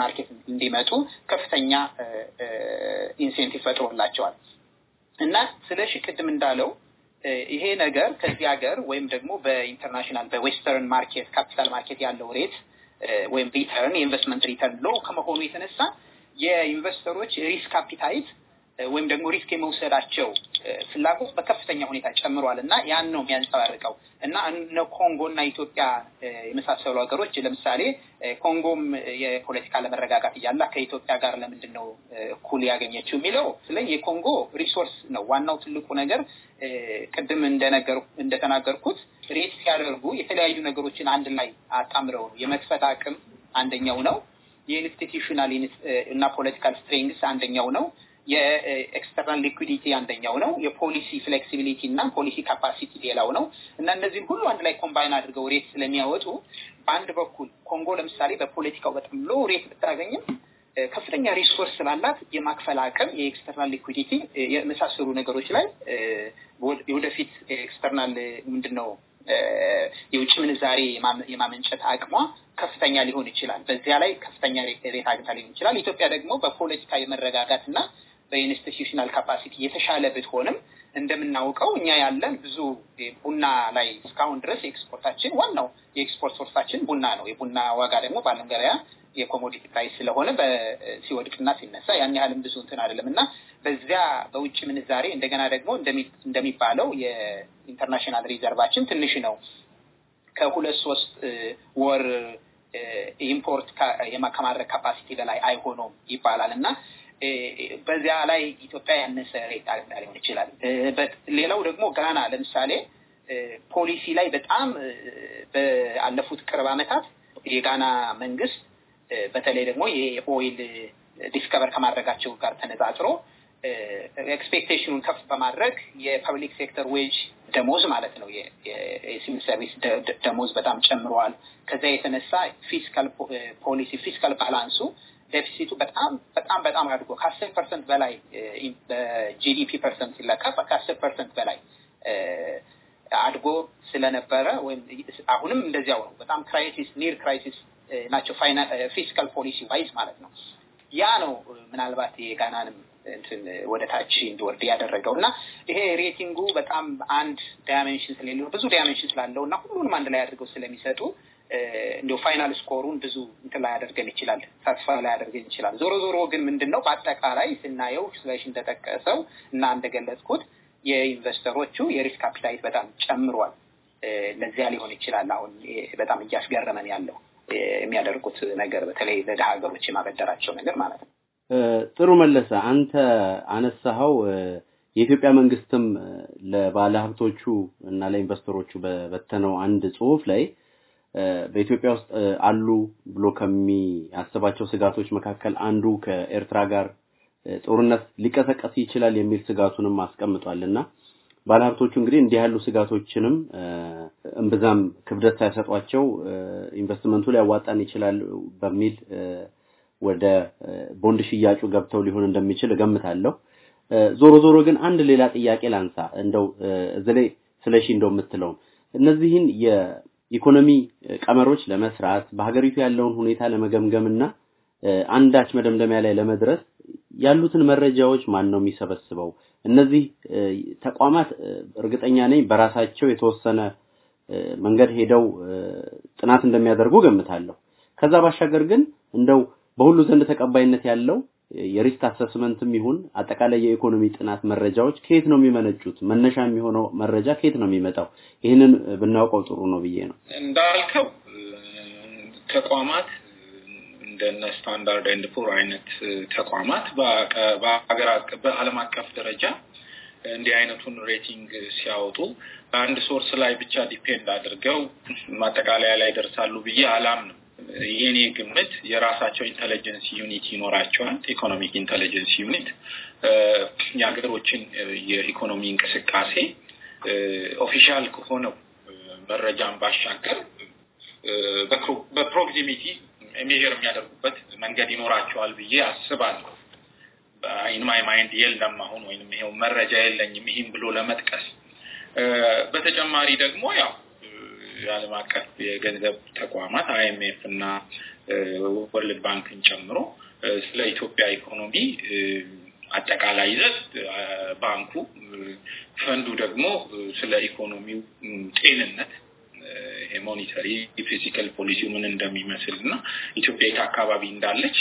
Speaker 2: ማርኬት እንዲመጡ ከፍተኛ ኢንሴንቲቭ ፈጥሮላቸዋል እና ስለሺ ቅድም እንዳለው ይሄ ነገር ከዚህ ሀገር ወይም ደግሞ በኢንተርናሽናል በዌስተርን ማርኬት ካፒታል ማርኬት ያለው ሬት ወይም ሪተርን የኢንቨስትመንት ሪተርን ሎ ከመሆኑ የተነሳ የኢንቨስተሮች ሪስክ ካፒታይት ወይም ደግሞ ሪስክ የመውሰዳቸው ፍላጎት በከፍተኛ ሁኔታ ጨምሯል እና ያን ነው የሚያንጸባርቀው እና እነ ኮንጎ እና ኢትዮጵያ የመሳሰሉ ሀገሮች ለምሳሌ ኮንጎም የፖለቲካ ለመረጋጋት እያላ ከኢትዮጵያ ጋር ለምንድን ነው እኩል ያገኘችው የሚለው ስለ የኮንጎ ሪሶርስ ነው። ዋናው ትልቁ ነገር ቅድም እንደተናገርኩት ሬት ሲያደርጉ የተለያዩ ነገሮችን አንድ ላይ አጣምረው የመክፈት አቅም አንደኛው ነው። የኢንስቲትዩሽናል እና ፖለቲካል ስትሬንግስ አንደኛው ነው። የኤክስተርናል ሊኩዲቲ አንደኛው ነው። የፖሊሲ ፍሌክሲቢሊቲ እና ፖሊሲ ካፓሲቲ ሌላው ነው እና እነዚህም ሁሉ አንድ ላይ ኮምባይን አድርገው ሬት ስለሚያወጡ በአንድ በኩል ኮንጎ ለምሳሌ በፖለቲካው በጣም ሎ ሬት ብታገኝም ከፍተኛ ሪሶርስ ስላላት የማክፈል አቅም፣ የኤክስተርናል ሊኩዲቲ የመሳሰሉ ነገሮች ላይ የወደፊት ኤክስተርናል ምንድነው የውጭ ምንዛሬ የማመንጨት አቅሟ ከፍተኛ ሊሆን ይችላል። በዚያ ላይ ከፍተኛ ሬት አግኝታ ሊሆን ይችላል። ኢትዮጵያ ደግሞ በፖለቲካ የመረጋጋት እና በኢንስቲትዩሽናል ካፓሲቲ የተሻለ ብትሆንም እንደምናውቀው እኛ ያለን ብዙ ቡና ላይ እስካሁን ድረስ የኤክስፖርታችን ዋናው የኤክስፖርት ሶርሳችን ቡና ነው። የቡና ዋጋ ደግሞ በዓለም ገበያ የኮሞዲቲ ፕራይስ ስለሆነ ሲወድቅና ሲነሳ ያን ያህልም ብዙ እንትን አይደለም እና በዚያ በውጭ ምንዛሬ እንደገና ደግሞ እንደሚባለው የኢንተርናሽናል ሪዘርቫችን ትንሽ ነው። ከሁለት ሶስት ወር ኢምፖርት ከማድረግ ካፓሲቲ በላይ አይሆኖም ይባላል እና በዚያ ላይ ኢትዮጵያ ያነሰ ሬት ሊሆን ይችላል። ሌላው ደግሞ ጋና ለምሳሌ ፖሊሲ ላይ በጣም በአለፉት ቅርብ ዓመታት የጋና መንግስት በተለይ ደግሞ የኦይል ዲስከቨር ከማድረጋቸው ጋር ተነጻጽሮ ኤክስፔክቴሽኑን ከፍ በማድረግ የፐብሊክ ሴክተር ዌጅ ደሞዝ ማለት ነው የሲቪል ሰርቪስ ደሞዝ በጣም ጨምረዋል። ከዚያ የተነሳ ፊስካል ፖሊሲ ፊስካል ባላንሱ ዴፊሲቱ በጣም በጣም በጣም አድጎ ከአስር ፐርሰንት በላይ በጂዲፒ ፐርሰንት ሲለካ ከአስር ፐርሰንት በላይ አድጎ ስለነበረ ወይም አሁንም እንደዚያው ነው። በጣም ክራይሲስ ኒር ክራይሲስ ናቸው ፊስካል ፖሊሲ ዋይዝ ማለት ነው። ያ ነው ምናልባት የጋናንም እንትን ወደ ታች እንዲወርድ ያደረገው እና ይሄ ሬቲንጉ በጣም አንድ ዳይሜንሽን ስለሌለው ብዙ ዳይሜንሽን ስላለው እና ሁሉንም አንድ ላይ አድርገው ስለሚሰጡ እንዲሁ ፋይናል ስኮሩን ብዙ እንትን ላይ ያደርገን ይችላል፣ ሳትስፋ ላይ ያደርገን ይችላል። ዞሮ ዞሮ ግን ምንድን ነው በአጠቃላይ ስናየው ስለሽ እንደጠቀሰው እና እንደገለጽኩት የኢንቨስተሮቹ የሪስክ ካፒታይት በጣም ጨምሯል። ለዚያ ሊሆን ይችላል አሁን በጣም እያስገረመን ያለው የሚያደርጉት ነገር በተለይ ለደ ሀገሮች የማበደራቸው ነገር ማለት ነው።
Speaker 1: ጥሩ መለሰ፣ አንተ አነሳኸው የኢትዮጵያ መንግስትም ለባለሀብቶቹ እና ለኢንቨስተሮቹ በበተነው አንድ ጽሁፍ ላይ በኢትዮጵያ ውስጥ አሉ ብሎ ከሚያስባቸው ስጋቶች መካከል አንዱ ከኤርትራ ጋር ጦርነት ሊቀሰቀስ ይችላል የሚል ስጋቱንም አስቀምጧል እና ባለሀብቶቹ እንግዲህ እንዲህ ያሉ ስጋቶችንም እምብዛም ክብደት ሳይሰጧቸው ኢንቨስትመንቱ ሊያዋጣን ይችላል በሚል ወደ ቦንድ ሽያጩ ገብተው ሊሆን እንደሚችል እገምታለሁ። ዞሮ ዞሮ ግን አንድ ሌላ ጥያቄ ላንሳ። እንደው እዚህ ላይ ስለሺ እንደው የምትለውን እነዚህን ኢኮኖሚ ቀመሮች ለመስራት በሀገሪቱ ያለውን ሁኔታ ለመገምገም እና አንዳች መደምደሚያ ላይ ለመድረስ ያሉትን መረጃዎች ማን ነው የሚሰበስበው? እነዚህ ተቋማት እርግጠኛ ነኝ በራሳቸው የተወሰነ መንገድ ሄደው ጥናት እንደሚያደርጉ ገምታለሁ። ከዛ ባሻገር ግን እንደው በሁሉ ዘንድ ተቀባይነት ያለው የሪስክ አሰስመንትም ይሁን አጠቃላይ የኢኮኖሚ ጥናት መረጃዎች ከየት ነው የሚመነጩት? መነሻ የሚሆነው መረጃ ከየት ነው የሚመጣው? ይህንን ብናውቀው ጥሩ ነው ብዬ ነው።
Speaker 3: እንዳልከው ተቋማት እንደነ ስታንዳርድ ኤንድ ፑር አይነት ተቋማት በሀገር በዓለም አቀፍ ደረጃ እንዲህ አይነቱን ሬቲንግ ሲያወጡ በአንድ ሶርስ ላይ ብቻ ዲፔንድ አድርገው ማጠቃለያ ላይ ደርሳሉ ብዬ አላምንም። የኔ ግምት የራሳቸው ኢንቴሊጀንስ ዩኒት ይኖራቸዋል። ኢኮኖሚክ ኢንቴሊጀንስ ዩኒት የሀገሮችን የኢኮኖሚ እንቅስቃሴ ኦፊሻል ከሆነው መረጃን ባሻገር በፕሮክሲሚቲ ሜዥር የሚያደርጉበት መንገድ ይኖራቸዋል ብዬ አስባለሁ። ኢን ማይ ማይንድ የለም አሁን ወይም ይሄው መረጃ የለኝም ይህም ብሎ ለመጥቀስ በተጨማሪ ደግሞ ያው የዓለም አቀፍ የገንዘብ ተቋማት አይኤምኤፍ እና ወርልድ ባንክን ጨምሮ ስለ ኢትዮጵያ ኢኮኖሚ አጠቃላይ ይዘት ባንኩ ፈንዱ ደግሞ ስለ ኢኮኖሚው ጤንነት ሞኒተሪ ፊዚካል ፖሊሲው ምን እንደሚመስል እና ኢትዮጵያ የት አካባቢ እንዳለች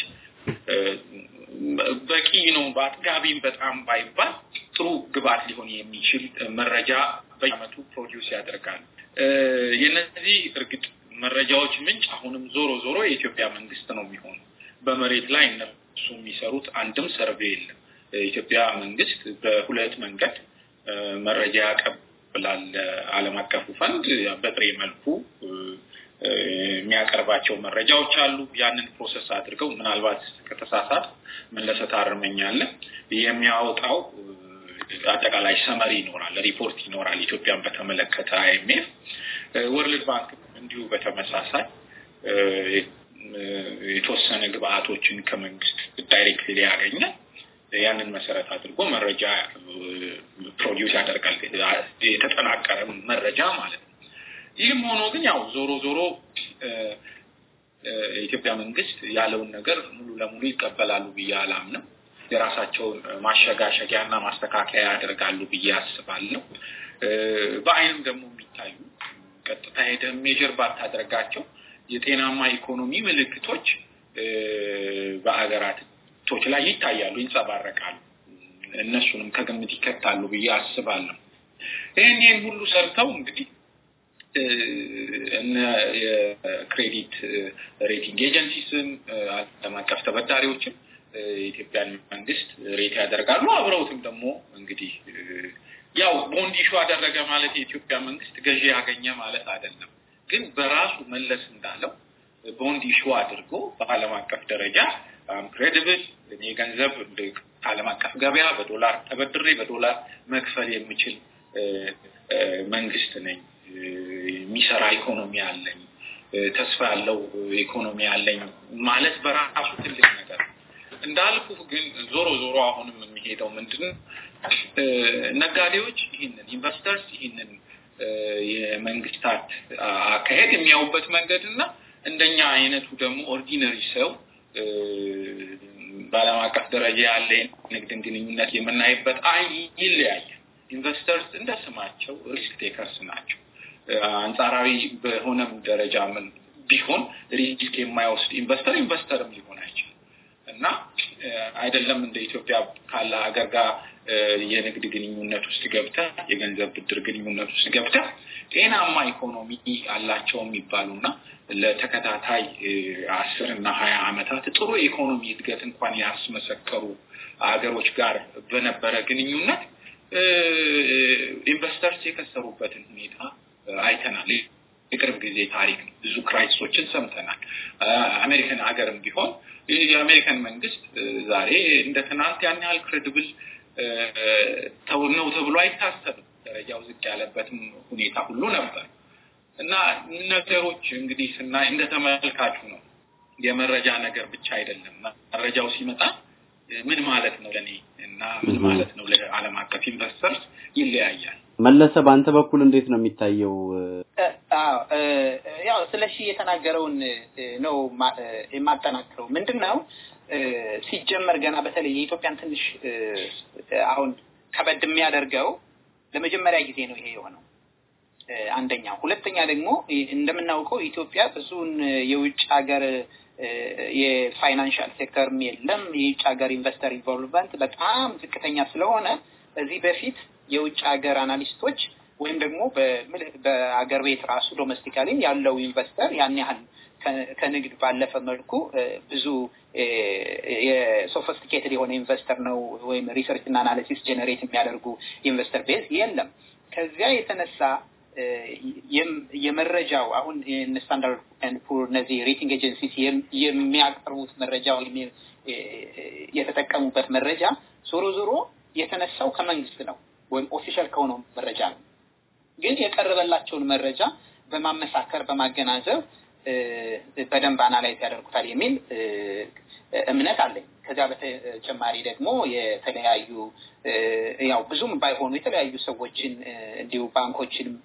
Speaker 3: በቂ ነው በአጥጋቢም በጣም ባይባል ጥሩ ግብዓት ሊሆን የሚችል መረጃ በአመቱ ፕሮዲውስ ያደርጋል። የነዚህ እርግጥ መረጃዎች ምንጭ አሁንም ዞሮ ዞሮ የኢትዮጵያ መንግስት ነው የሚሆኑ በመሬት ላይ እነሱ የሚሰሩት አንድም ሰርቬ የለም። የኢትዮጵያ መንግስት በሁለት መንገድ መረጃ ያቀብላል። አለም አቀፉ ፈንድ በጥሬ መልኩ የሚያቀርባቸው መረጃዎች አሉ። ያንን ፕሮሰስ አድርገው ምናልባት ከተሳሳት መለሰት አርመኛለን የሚያወጣው አጠቃላይ ሰመሪ ይኖራል፣ ሪፖርት ይኖራል። ኢትዮጵያን በተመለከተ አይኤምኤፍ፣ ወርልድ ባንክ እንዲሁ በተመሳሳይ የተወሰነ ግብአቶችን ከመንግስት ዳይሬክት ሊያገኘ ያንን መሰረት አድርጎ መረጃ ፕሮዲውስ ያደርጋል፣ የተጠናቀረ መረጃ ማለት ነው። ይህም ሆኖ ግን ያው ዞሮ ዞሮ የኢትዮጵያ መንግስት ያለውን ነገር ሙሉ ለሙሉ ይቀበላሉ ብዬ አላምንም። የራሳቸውን ማሸጋሸጊያና ማስተካከያ ያደርጋሉ ብዬ አስባለሁ። በአይንም ደግሞ የሚታዩ ቀጥታ ሄደህ ሜጀር ባታደርጋቸው የጤናማ ኢኮኖሚ ምልክቶች በሀገራቶች ላይ ይታያሉ፣ ይንጸባረቃሉ። እነሱንም ከግምት ይከታሉ ብዬ አስባለሁ። ይህን ይህን ሁሉ ሰርተው እንግዲህ እነ የክሬዲት ሬቲንግ ኤጀንሲስም ዓለም አቀፍ ተበዳሪዎችም የኢትዮጵያን መንግስት ሬት ያደርጋሉ። አብረውትም ደግሞ እንግዲህ ያው ቦንድ አደረገ ማለት የኢትዮጵያ መንግስት ገዢ ያገኘ ማለት አይደለም። ግን በራሱ መለስ እንዳለው ቦንድ ኢሹ አድርጎ በዓለም አቀፍ ደረጃ ክሬዲብል እኔ ገንዘብ ከዓለም አቀፍ ገበያ በዶላር ተበድሬ በዶላር መክፈል የምችል መንግስት ነኝ፣ የሚሰራ ኢኮኖሚ አለኝ፣ ተስፋ ያለው ኢኮኖሚ አለኝ ማለት በራሱ ትልቅ ነገር ነው። እንዳልኩ ግን ዞሮ ዞሮ አሁንም የሚሄደው ምንድን ነጋዴዎች ይህንን ኢንቨስተርስ ይህንን የመንግስታት አካሄድ የሚያዩበት መንገድ እና እንደኛ አይነቱ ደግሞ ኦርዲነሪ ሰው በዓለም አቀፍ ደረጃ ያለ ንግድን ግንኙነት የምናይበት አይ ይለያየ። ኢንቨስተርስ እንደ ስማቸው ሪስክ ቴከርስ ናቸው። አንጻራዊ በሆነም ደረጃ ምን ቢሆን ሪስክ የማይወስድ ኢንቨስተር ኢንቨስተርም ሊሆን አይችልም። እና አይደለም እንደ ኢትዮጵያ ካለ ሀገር ጋር የንግድ ግንኙነት ውስጥ ገብተ የገንዘብ ብድር ግንኙነት ውስጥ ገብተ ጤናማ ኢኮኖሚ አላቸው የሚባሉና ለተከታታይ አስር እና ሀያ ዓመታት ጥሩ የኢኮኖሚ እድገት እንኳን ያስመሰከሩ ሀገሮች ጋር በነበረ ግንኙነት ኢንቨስተርስ የከሰሩበትን ሁኔታ አይተናል። የቅርብ ጊዜ ታሪክ ብዙ ክራይሶችን ሰምተናል። አሜሪካን ሀገርም ቢሆን የአሜሪካን መንግስት ዛሬ እንደ ትናንት ያን ያህል ክሬዲብል ነው ተብሎ አይታሰብም። ደረጃው ዝቅ ያለበትም ሁኔታ ሁሉ ነበር እና ነገሮች እንግዲህ ስናይ እንደ ተመልካቹ ነው። የመረጃ ነገር ብቻ አይደለም። መረጃው ሲመጣ ምን ማለት ነው ለእኔ እና ምን ማለት ነው ለዓለም አቀፍ ኢንቨስተርስ ይለያያል።
Speaker 1: መለሰ በአንተ በኩል እንዴት ነው የሚታየው?
Speaker 2: ያው ስለ ሺ የተናገረውን ነው የማጠናክረው። ምንድን ነው ሲጀመር ገና በተለይ የኢትዮጵያን ትንሽ አሁን ከበድ የሚያደርገው ለመጀመሪያ ጊዜ ነው ይሄ የሆነው አንደኛ። ሁለተኛ ደግሞ እንደምናውቀው ኢትዮጵያ ብዙን የውጭ ሀገር የፋይናንሻል ሴክተርም የለም የውጭ ሀገር ኢንቨስተር ኢንቮልቭመንት በጣም ዝቅተኛ ስለሆነ ከዚህ በፊት የውጭ ሀገር አናሊስቶች ወይም ደግሞ በአገር ቤት ራሱ ዶሜስቲካሊ ያለው ኢንቨስተር ያን ያህል ከንግድ ባለፈ መልኩ ብዙ የሶፈስቲኬትድ የሆነ ኢንቨስተር ነው ወይም ሪሰርች እና አናሊሲስ ጀነሬት የሚያደርጉ ኢንቨስተር ቤዝ የለም። ከዚያ የተነሳ የመረጃው አሁን ስታንዳርድ ኤንድ ፑር እነዚህ ሬቲንግ ኤጀንሲስ የሚያቀርቡት መረጃ ወይም የተጠቀሙበት መረጃ ዞሮ ዞሮ የተነሳው ከመንግስት ነው። ወይም ኦፊሻል ከሆነው መረጃ ነው። ግን የቀረበላቸውን መረጃ በማመሳከር በማገናዘብ በደንብ አናላይዝ ያደርጉታል የሚል እምነት አለኝ። ከዚያ በተጨማሪ ደግሞ የተለያዩ ያው ብዙም ባይሆኑ የተለያዩ ሰዎችን እንዲሁ ባንኮችንም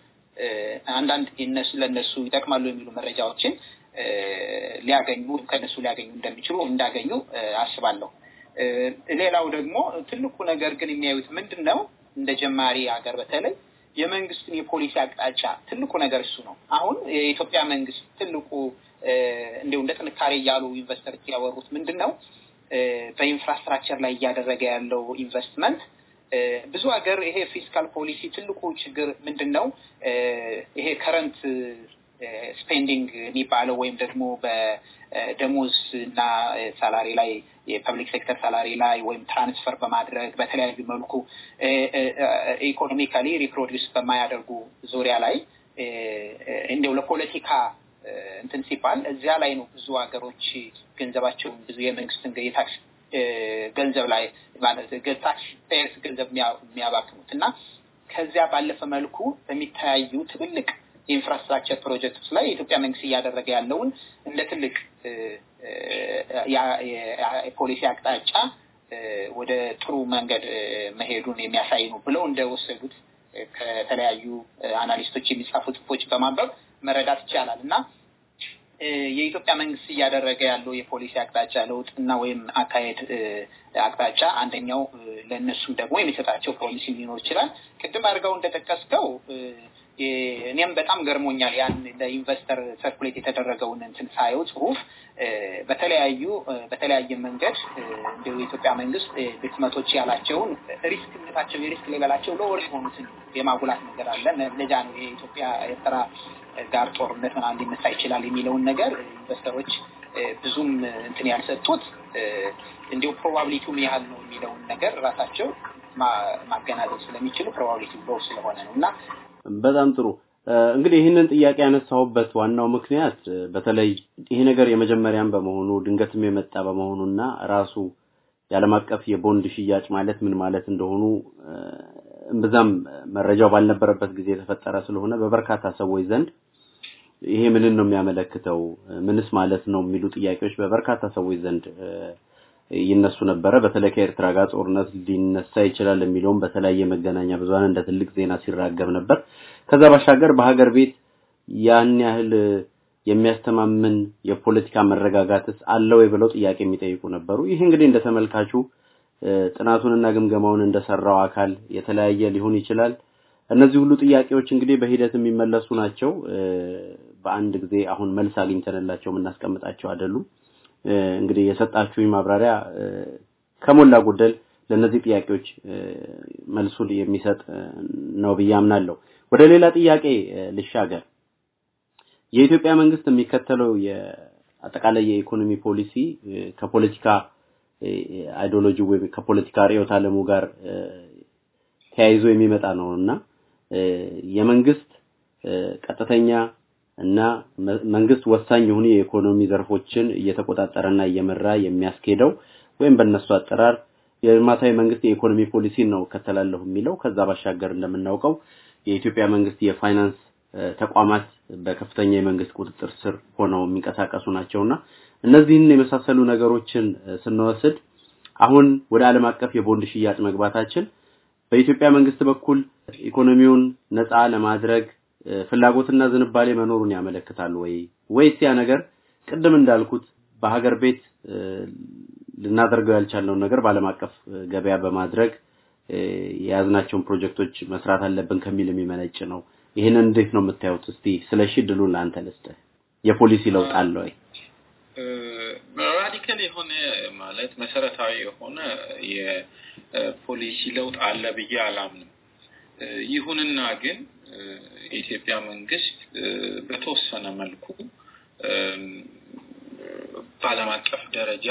Speaker 2: አንዳንድ እነሱ ለእነሱ ይጠቅማሉ የሚሉ መረጃዎችን ሊያገኙ ከእነሱ ሊያገኙ እንደሚችሉ እንዳገኙ አስባለሁ። ሌላው ደግሞ ትልቁ ነገር ግን የሚያዩት ምንድን ነው እንደ ጀማሪ ሀገር በተለይ የመንግስትን የፖሊሲ አቅጣጫ ትልቁ ነገር እሱ ነው። አሁን የኢትዮጵያ መንግስት ትልቁ እንዲሁ እንደ ጥንካሬ እያሉ ኢንቨስተሮች ያወሩት ምንድን ነው? በኢንፍራስትራክቸር ላይ እያደረገ ያለው ኢንቨስትመንት ብዙ ሀገር ይሄ ፊስካል ፖሊሲ ትልቁ ችግር ምንድን ነው? ይሄ ከረንት ስፔንዲንግ የሚባለው ወይም ደግሞ በደሞዝ እና ሳላሪ ላይ የፐብሊክ ሴክተር ሳላሪ ላይ ወይም ትራንስፈር በማድረግ በተለያዩ መልኩ ኢኮኖሚካሊ ሪፕሮዲስ በማያደርጉ ዙሪያ ላይ እንዲው ለፖለቲካ እንትን ሲባል እዚያ ላይ ነው ብዙ ሀገሮች ገንዘባቸውን ብዙ የመንግስትን የታክስ ገንዘብ ላይ ታክስ ገንዘብ የሚያባክሙት እና ከዚያ ባለፈ መልኩ በሚተያዩ ትልልቅ የኢንፍራስትራክቸር ፕሮጀክቶች ላይ የኢትዮጵያ መንግስት እያደረገ ያለውን እንደ ትልቅ የፖሊሲ አቅጣጫ ወደ ጥሩ መንገድ መሄዱን የሚያሳይ ነው ብለው እንደወሰዱት ከተለያዩ አናሊስቶች የሚጻፉ ጽሁፎች በማንበብ መረዳት ይቻላል እና የኢትዮጵያ መንግስት እያደረገ ያለው የፖሊሲ አቅጣጫ ለውጥ እና ወይም አካሄድ አቅጣጫ አንደኛው ለእነሱም ደግሞ የሚሰጣቸው ፖሊሲ ሊኖር ይችላል። ቅድም አድርገው እንደጠቀስከው እኔም በጣም ገርሞኛል። ያን ለኢንቨስተር ሰርኩሌት የተደረገውን እንትን ሳየው ጽሁፍ በተለያዩ በተለያየ መንገድ እንዲ የኢትዮጵያ መንግስት ድክመቶች ያላቸውን ሪስክ ነታቸው የሪስክ ሌበላቸው ለወር የሆኑትን የማጉላት ነገር አለ። ለዛ ነው የኢትዮጵያ ኤርትራ ጋር ጦርነት ምና ሊነሳ ይችላል የሚለውን ነገር ኢንቨስተሮች ብዙም እንትን ያልሰጡት እንዲሁ ፕሮባብሊቲው ምን ያህል ነው የሚለውን ነገር ራሳቸው ማገናዘብ
Speaker 3: ስለሚችሉ ፕሮባብሊቲ ሎ ስለሆነ ነው እና
Speaker 1: በጣም ጥሩ እንግዲህ ይህንን ጥያቄ ያነሳውበት ዋናው ምክንያት በተለይ ይሄ ነገር የመጀመሪያም በመሆኑ ድንገትም የመጣ በመሆኑና ራሱ የዓለም አቀፍ የቦንድ ሽያጭ ማለት ምን ማለት እንደሆኑ እምብዛም መረጃው ባልነበረበት ጊዜ የተፈጠረ ስለሆነ በበርካታ ሰዎች ዘንድ ይሄ ምንን ነው የሚያመለክተው፣ ምንስ ማለት ነው የሚሉ ጥያቄዎች በበርካታ ሰዎች ዘንድ ይነሱ ነበረ። በተለይ ከኤርትራ ጋር ጦርነት ሊነሳ ይችላል የሚለውም በተለያየ መገናኛ ብዙኃን እንደ ትልቅ ዜና ሲራገብ ነበር። ከዛ ባሻገር በሀገር ቤት ያን ያህል የሚያስተማምን የፖለቲካ መረጋጋትስ አለ ወይ ብለው ጥያቄ የሚጠይቁ ነበሩ። ይህ እንግዲህ እንደ ተመልካቹ ጥናቱንና ግምገማውን እንደሰራው አካል የተለያየ ሊሆን ይችላል። እነዚህ ሁሉ ጥያቄዎች እንግዲህ በሂደት የሚመለሱ ናቸው። በአንድ ጊዜ አሁን መልስ አግኝተንላቸው የምናስቀምጣቸው አይደሉም። እንግዲህ የሰጣችሁኝ ማብራሪያ ከሞላ ጎደል ለእነዚህ ጥያቄዎች መልሱን የሚሰጥ ነው ብዬ አምናለሁ። ወደ ሌላ ጥያቄ ልሻገር። የኢትዮጵያ መንግስት የሚከተለው አጠቃላይ የኢኮኖሚ ፖሊሲ ከፖለቲካ አይዲዮሎጂ ወይም ከፖለቲካ ርዕዮተ ዓለሙ ጋር ተያይዞ የሚመጣ ነው እና የመንግስት ቀጥተኛ እና መንግስት ወሳኝ የሆኑ የኢኮኖሚ ዘርፎችን እየተቆጣጠረና እየመራ የሚያስኬደው ወይም በእነሱ አጠራር የልማታዊ መንግስት የኢኮኖሚ ፖሊሲ ነው እከተላለሁ የሚለው። ከዛ ባሻገር እንደምናውቀው የኢትዮጵያ መንግስት የፋይናንስ ተቋማት በከፍተኛ የመንግስት ቁጥጥር ስር ሆነው የሚንቀሳቀሱ ናቸውና እነዚህን የመሳሰሉ ነገሮችን ስንወስድ አሁን ወደ ዓለም አቀፍ የቦንድ ሽያጭ መግባታችን በኢትዮጵያ መንግስት በኩል ኢኮኖሚውን ነፃ ለማድረግ ፍላጎትና ዝንባሌ መኖሩን ያመለክታል ወይ ወይስ ያ ነገር ቅድም እንዳልኩት በሀገር ቤት ልናደርገው ያልቻለውን ነገር በዓለም አቀፍ ገበያ በማድረግ የያዝናቸውን ፕሮጀክቶች መስራት አለብን ከሚል የሚመነጭ ነው። ይህንን እንዴት ነው የምታዩት? እስቲ ስለ ሺ ድሉን ለአንተ ልስጥህ። የፖሊሲ ለውጥ አለ ወይ?
Speaker 3: ራዲካል የሆነ ማለት መሰረታዊ የሆነ የፖሊሲ ለውጥ አለ ብዬ አላምንም። ይሁንና ግን የኢትዮጵያ መንግስት በተወሰነ መልኩ በዓለም አቀፍ ደረጃ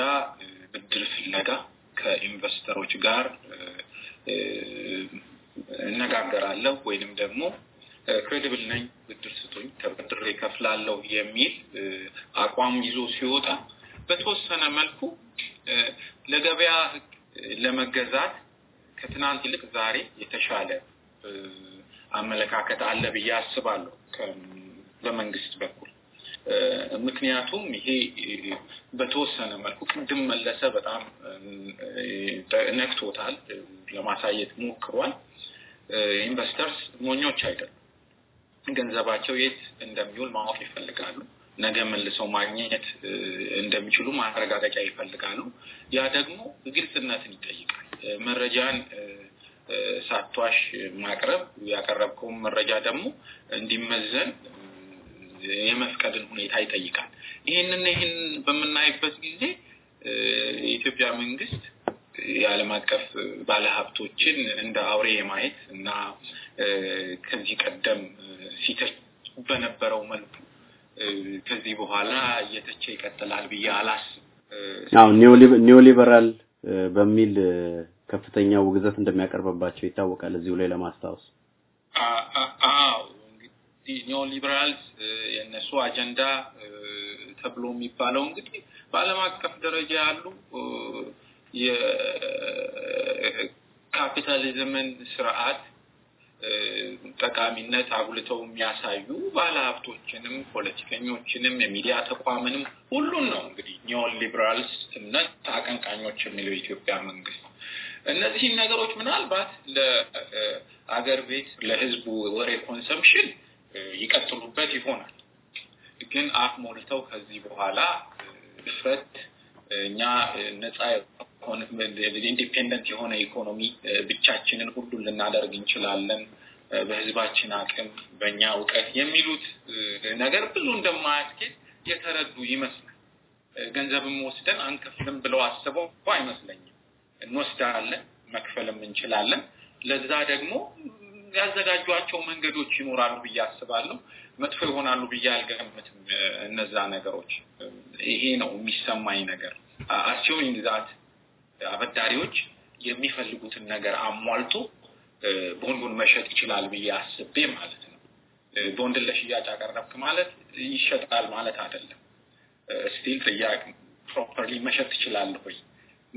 Speaker 3: ብድር ፍለጋ ከኢንቨስተሮች ጋር እነጋገራለሁ ወይንም ደግሞ ክሬዲብል
Speaker 4: ነኝ ብድር ስጡኝ ተበድሬ
Speaker 3: ከፍላለሁ የሚል አቋም ይዞ ሲወጣ በተወሰነ መልኩ ለገበያ ለመገዛት ከትናንት ይልቅ ዛሬ የተሻለ አመለካከት አለ ብዬ አስባለሁ በመንግስት በኩል ምክንያቱም ይሄ በተወሰነ መልኩ ቅድም መለሰ በጣም ነክቶታል፣ ለማሳየት ሞክሯል። ኢንቨስተርስ ሞኞች አይደሉም። ገንዘባቸው የት እንደሚውል ማወቅ ይፈልጋሉ። ነገ መልሰው ማግኘት እንደሚችሉ ማረጋገጫ ይፈልጋሉ። ያ ደግሞ ግልጽነትን ይጠይቃል። መረጃን ሳቷሽ ማቅረብ ያቀረብከውን መረጃ ደግሞ እንዲመዘን የመፍቀድን ሁኔታ ይጠይቃል። ይህንን ይህን በምናይበት ጊዜ የኢትዮጵያ መንግስት የዓለም አቀፍ ባለሀብቶችን እንደ አውሬ የማየት እና ከዚህ ቀደም ሲተች በነበረው መልኩ ከዚህ በኋላ እየተቸ ይቀጥላል ብዬ አላስብ።
Speaker 1: ኒዮሊበራል በሚል ከፍተኛ ውግዘት እንደሚያቀርብባቸው ይታወቃል። እዚሁ ላይ ለማስታወስ
Speaker 3: አዎ እንግዲህ ኒዮ ሊበራልስ የእነሱ አጀንዳ ተብሎ የሚባለው እንግዲህ በዓለም አቀፍ ደረጃ ያሉ የካፒታሊዝምን ስርዓት ጠቃሚነት አጉልተው የሚያሳዩ ባለሀብቶችንም፣ ፖለቲከኞችንም፣ የሚዲያ ተቋምንም
Speaker 4: ሁሉን ነው እንግዲህ
Speaker 3: ኒዮ እምነት አቀንቃኞች የሚለው የኢትዮጵያ መንግስት እነዚህን ነገሮች ምናልባት ለአገር ቤት ለህዝቡ ወሬ ኮንሰምፕሽን ይቀጥሉበት ይሆናል። ግን አፍ ሞልተው ከዚህ በኋላ ድፍረት እኛ ነጻ ኢንዲፔንደንት የሆነ ኢኮኖሚ ብቻችንን ሁሉን ልናደርግ እንችላለን፣ በህዝባችን አቅም፣ በእኛ እውቀት የሚሉት ነገር ብዙ እንደማያስኬድ የተረዱ ይመስላል። ገንዘብም ወስደን አንከፍልም ብለው አስበው አይመስለኝም። እንወስዳለን፣ መክፈልም እንችላለን። ለዛ ደግሞ ያዘጋጇቸው መንገዶች ይኖራሉ ብዬ አስባለሁ። መጥፎ ይሆናሉ ብዬ አልገምትም። እነዛ ነገሮች ይሄ ነው የሚሰማኝ ነገር። አስቸውኝ ዛት አበዳሪዎች የሚፈልጉትን ነገር አሟልቶ ቦንዱን መሸጥ ይችላል ብዬ አስቤ ማለት ነው። ቦንድን ለሽያጭ አቀረብክ ማለት ይሸጣል ማለት አይደለም። ስቲል ጥያቄ ፕሮፐርሊ መሸጥ ትችላለህ ወይ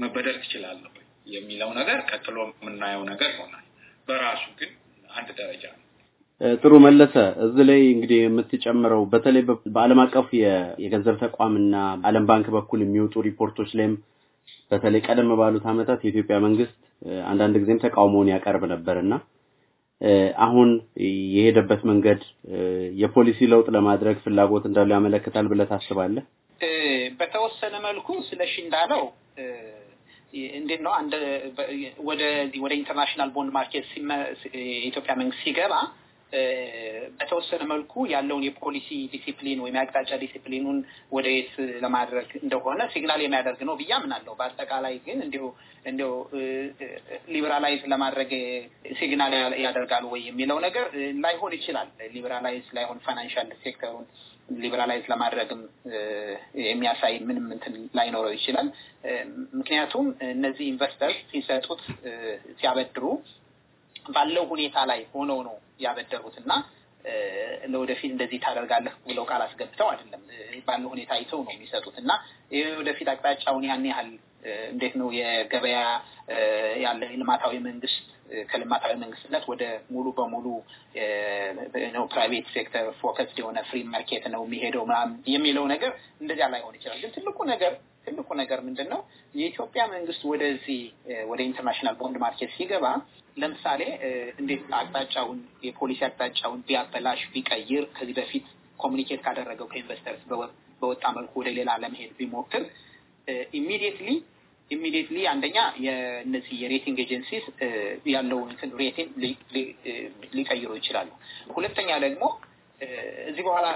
Speaker 3: መበደር ትችላለሁ የሚለው ነገር ቀጥሎ የምናየው ነገር ይሆናል። በራሱ ግን አንድ ደረጃ ነው።
Speaker 1: ጥሩ መለሰ፣ እዚህ ላይ እንግዲህ የምትጨምረው በተለይ በዓለም አቀፍ የገንዘብ ተቋም እና ዓለም ባንክ በኩል የሚወጡ ሪፖርቶች ላይም በተለይ ቀደም ባሉት ዓመታት የኢትዮጵያ መንግስት አንዳንድ ጊዜም ተቃውሞውን ያቀርብ ነበር እና አሁን የሄደበት መንገድ የፖሊሲ ለውጥ ለማድረግ ፍላጎት እንዳለው ያመለክታል ብለህ ታስባለህ?
Speaker 2: በተወሰነ መልኩ ስለሽ እንዳለው እንዴት ነው አንድ ወደዚህ ወደ ኢንተርናሽናል ቦንድ ማርኬት የኢትዮጵያ መንግስት ሲገባ በተወሰነ መልኩ ያለውን የፖሊሲ ዲሲፕሊን ወይም የአቅጣጫ ዲሲፕሊኑን ወደ የት ለማድረግ እንደሆነ ሲግናል የሚያደርግ ነው ብዬ አምናለሁ። በአጠቃላይ ግን እንዲሁ እንዲሁ ሊበራላይዝ ለማድረግ ሲግናል ያደርጋሉ ወይ የሚለው ነገር ላይሆን ይችላል። ሊበራላይዝ ላይሆን ፋይናንሻል ሴክተሩን ሊበራላይዝ ለማድረግም የሚያሳይ ምንም እንትን ላይኖረው ይችላል። ምክንያቱም እነዚህ ኢንቨስተርስ ሲሰጡት ሲያበድሩ ባለው ሁኔታ ላይ ሆነው ነው ያበደሩት እና ለወደፊት እንደዚህ ታደርጋለህ ብለው ቃል አስገብተው አይደለም፣ ባለው ሁኔታ አይተው ነው የሚሰጡት እና ወደፊት አቅጣጫውን ያን ያህል እንዴት ነው የገበያ ያለ ልማታዊ መንግስት ከልማታዊ መንግስትነት ወደ ሙሉ በሙሉ ፕራይቬት ሴክተር ፎከስ የሆነ ፍሪ ማርኬት ነው የሚሄደው ምናምን የሚለው ነገር እንደዚያ ላይሆን ይችላል። ግን ትልቁ ነገር ትልቁ ነገር ምንድን ነው? የኢትዮጵያ መንግስት ወደዚህ ወደ ኢንተርናሽናል ቦንድ ማርኬት ሲገባ ለምሳሌ እንዴት አቅጣጫውን የፖሊሲ አቅጣጫውን ቢያበላሽ ቢቀይር ከዚህ በፊት ኮሚኒኬት ካደረገው ከኢንቨስተርስ በወጣ መልኩ ወደ ሌላ ለመሄድ ቢሞክር ኢሚዲየትሊ ኢሚዲየትሊ አንደኛ እነዚህ የሬቲንግ ኤጀንሲስ ያለውን ሬቲንግ ሊቀይሩ ይችላሉ። ሁለተኛ ደግሞ እዚህ በኋላ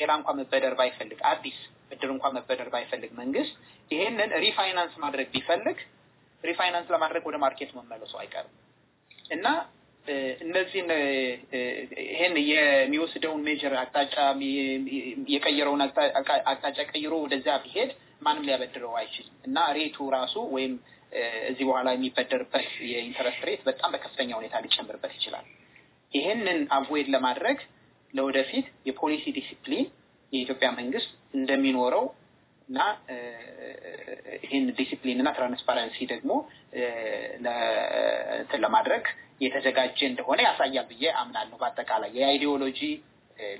Speaker 2: ሌላ እንኳ መበደር ባይፈልግ አዲስ ብድር እንኳ መበደር ባይፈልግ መንግስት ይሄንን ሪፋይናንስ ማድረግ ቢፈልግ ሪፋይናንስ ለማድረግ ወደ ማርኬት መመለሱ አይቀርም እና እነዚህን ይህን የሚወስደውን ሜጀር አቅጣጫ የቀየረውን አቅጣጫ ቀይሮ ወደዚያ ቢሄድ ማንም ሊያበድረው አይችልም እና ሬቱ ራሱ ወይም እዚህ በኋላ የሚበደርበት የኢንተረስት ሬት በጣም በከፍተኛ ሁኔታ ሊጨምርበት ይችላል። ይህንን አቮይድ ለማድረግ ለወደፊት የፖሊሲ ዲሲፕሊን የኢትዮጵያ መንግስት እንደሚኖረው እና ይህን ዲሲፕሊን እና ትራንስፓረንሲ ደግሞ ለማድረግ የተዘጋጀ እንደሆነ ያሳያል ብዬ አምናለሁ። በአጠቃላይ የአይዲዮሎጂ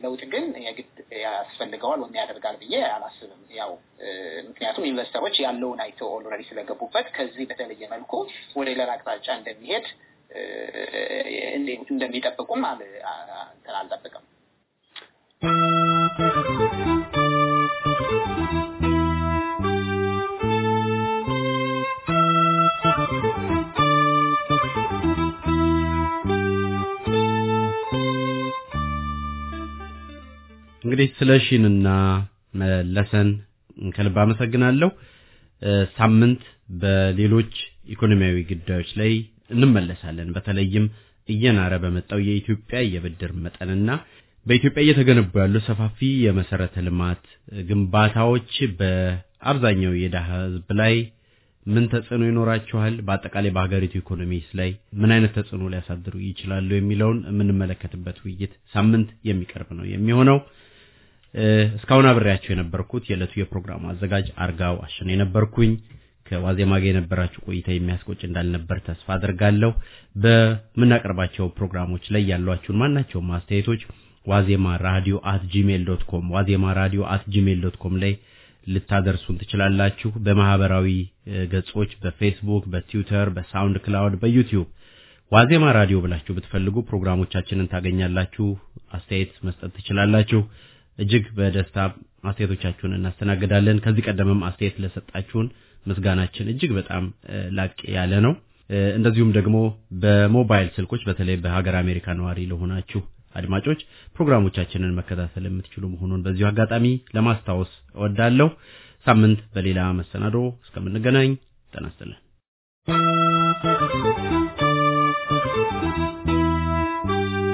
Speaker 2: ለውጥ ግን የግድ ያስፈልገዋል ወይም ያደርጋል ብዬ አላስብም። ያው ምክንያቱም ኢንቨስተሮች ያለውን አይተው ኦልሬዲ ስለገቡበት ከዚህ በተለየ መልኩ ወደ ሌላ አቅጣጫ እንደሚሄድ እንደሚጠብቁም አልጠብቅም።
Speaker 4: እንግዲህ
Speaker 1: ስለ ሺንና መለሰን ከልብ አመሰግናለሁ። ሳምንት በሌሎች ኢኮኖሚያዊ ጉዳዮች ላይ እንመለሳለን። በተለይም እየናረ በመጣው የኢትዮጵያ የብድር መጠንና በኢትዮጵያ እየተገነቡ ያሉ ሰፋፊ የመሰረተ ልማት ግንባታዎች በአብዛኛው የደሃ ሕዝብ ላይ ምን ተጽዕኖ ይኖራቸዋል፣ በአጠቃላይ በሀገሪቱ ኢኮኖሚስ ላይ ምን አይነት ተጽዕኖ ሊያሳድሩ ይችላሉ የሚለውን የምንመለከትበት ውይይት ሳምንት የሚቀርብ ነው የሚሆነው። እስካሁን አብሬያቸው የነበርኩት የዕለቱ የፕሮግራሙ አዘጋጅ አርጋው አሸነ የነበርኩኝ። ከዋዜማ ጋር የነበራችሁ ቆይታ የሚያስቆጭ እንዳልነበር ተስፋ አድርጋለሁ። በምናቀርባቸው ፕሮግራሞች ላይ ያሏችሁን ማናቸው ማስተያየቶች ዋዜማ ራዲዮ አት ጂሜል ዶት ኮም ዋዜማ ራዲዮ አት ጂሜል ዶት ኮም ላይ ልታደርሱን ትችላላችሁ። በማህበራዊ ገጾች በፌስቡክ፣ በትዊተር፣ በሳውንድ ክላውድ፣ በዩቲዩብ ዋዜማ ራዲዮ ብላችሁ ብትፈልጉ ፕሮግራሞቻችንን ታገኛላችሁ። አስተያየት መስጠት ትችላላችሁ። እጅግ በደስታ አስተያየቶቻችሁን እናስተናግዳለን። ከዚህ ቀደምም አስተያየት ለሰጣችሁን ምስጋናችን እጅግ በጣም ላቅ ያለ ነው። እንደዚሁም ደግሞ በሞባይል ስልኮች በተለይ በሀገር አሜሪካ ነዋሪ ለሆናችሁ አድማጮች ፕሮግራሞቻችንን መከታተል የምትችሉ መሆኑን በዚሁ አጋጣሚ ለማስታወስ እወዳለሁ። ሳምንት በሌላ መሰናዶ እስከምንገናኝ ጤና
Speaker 4: ይስጥልን። Thank you.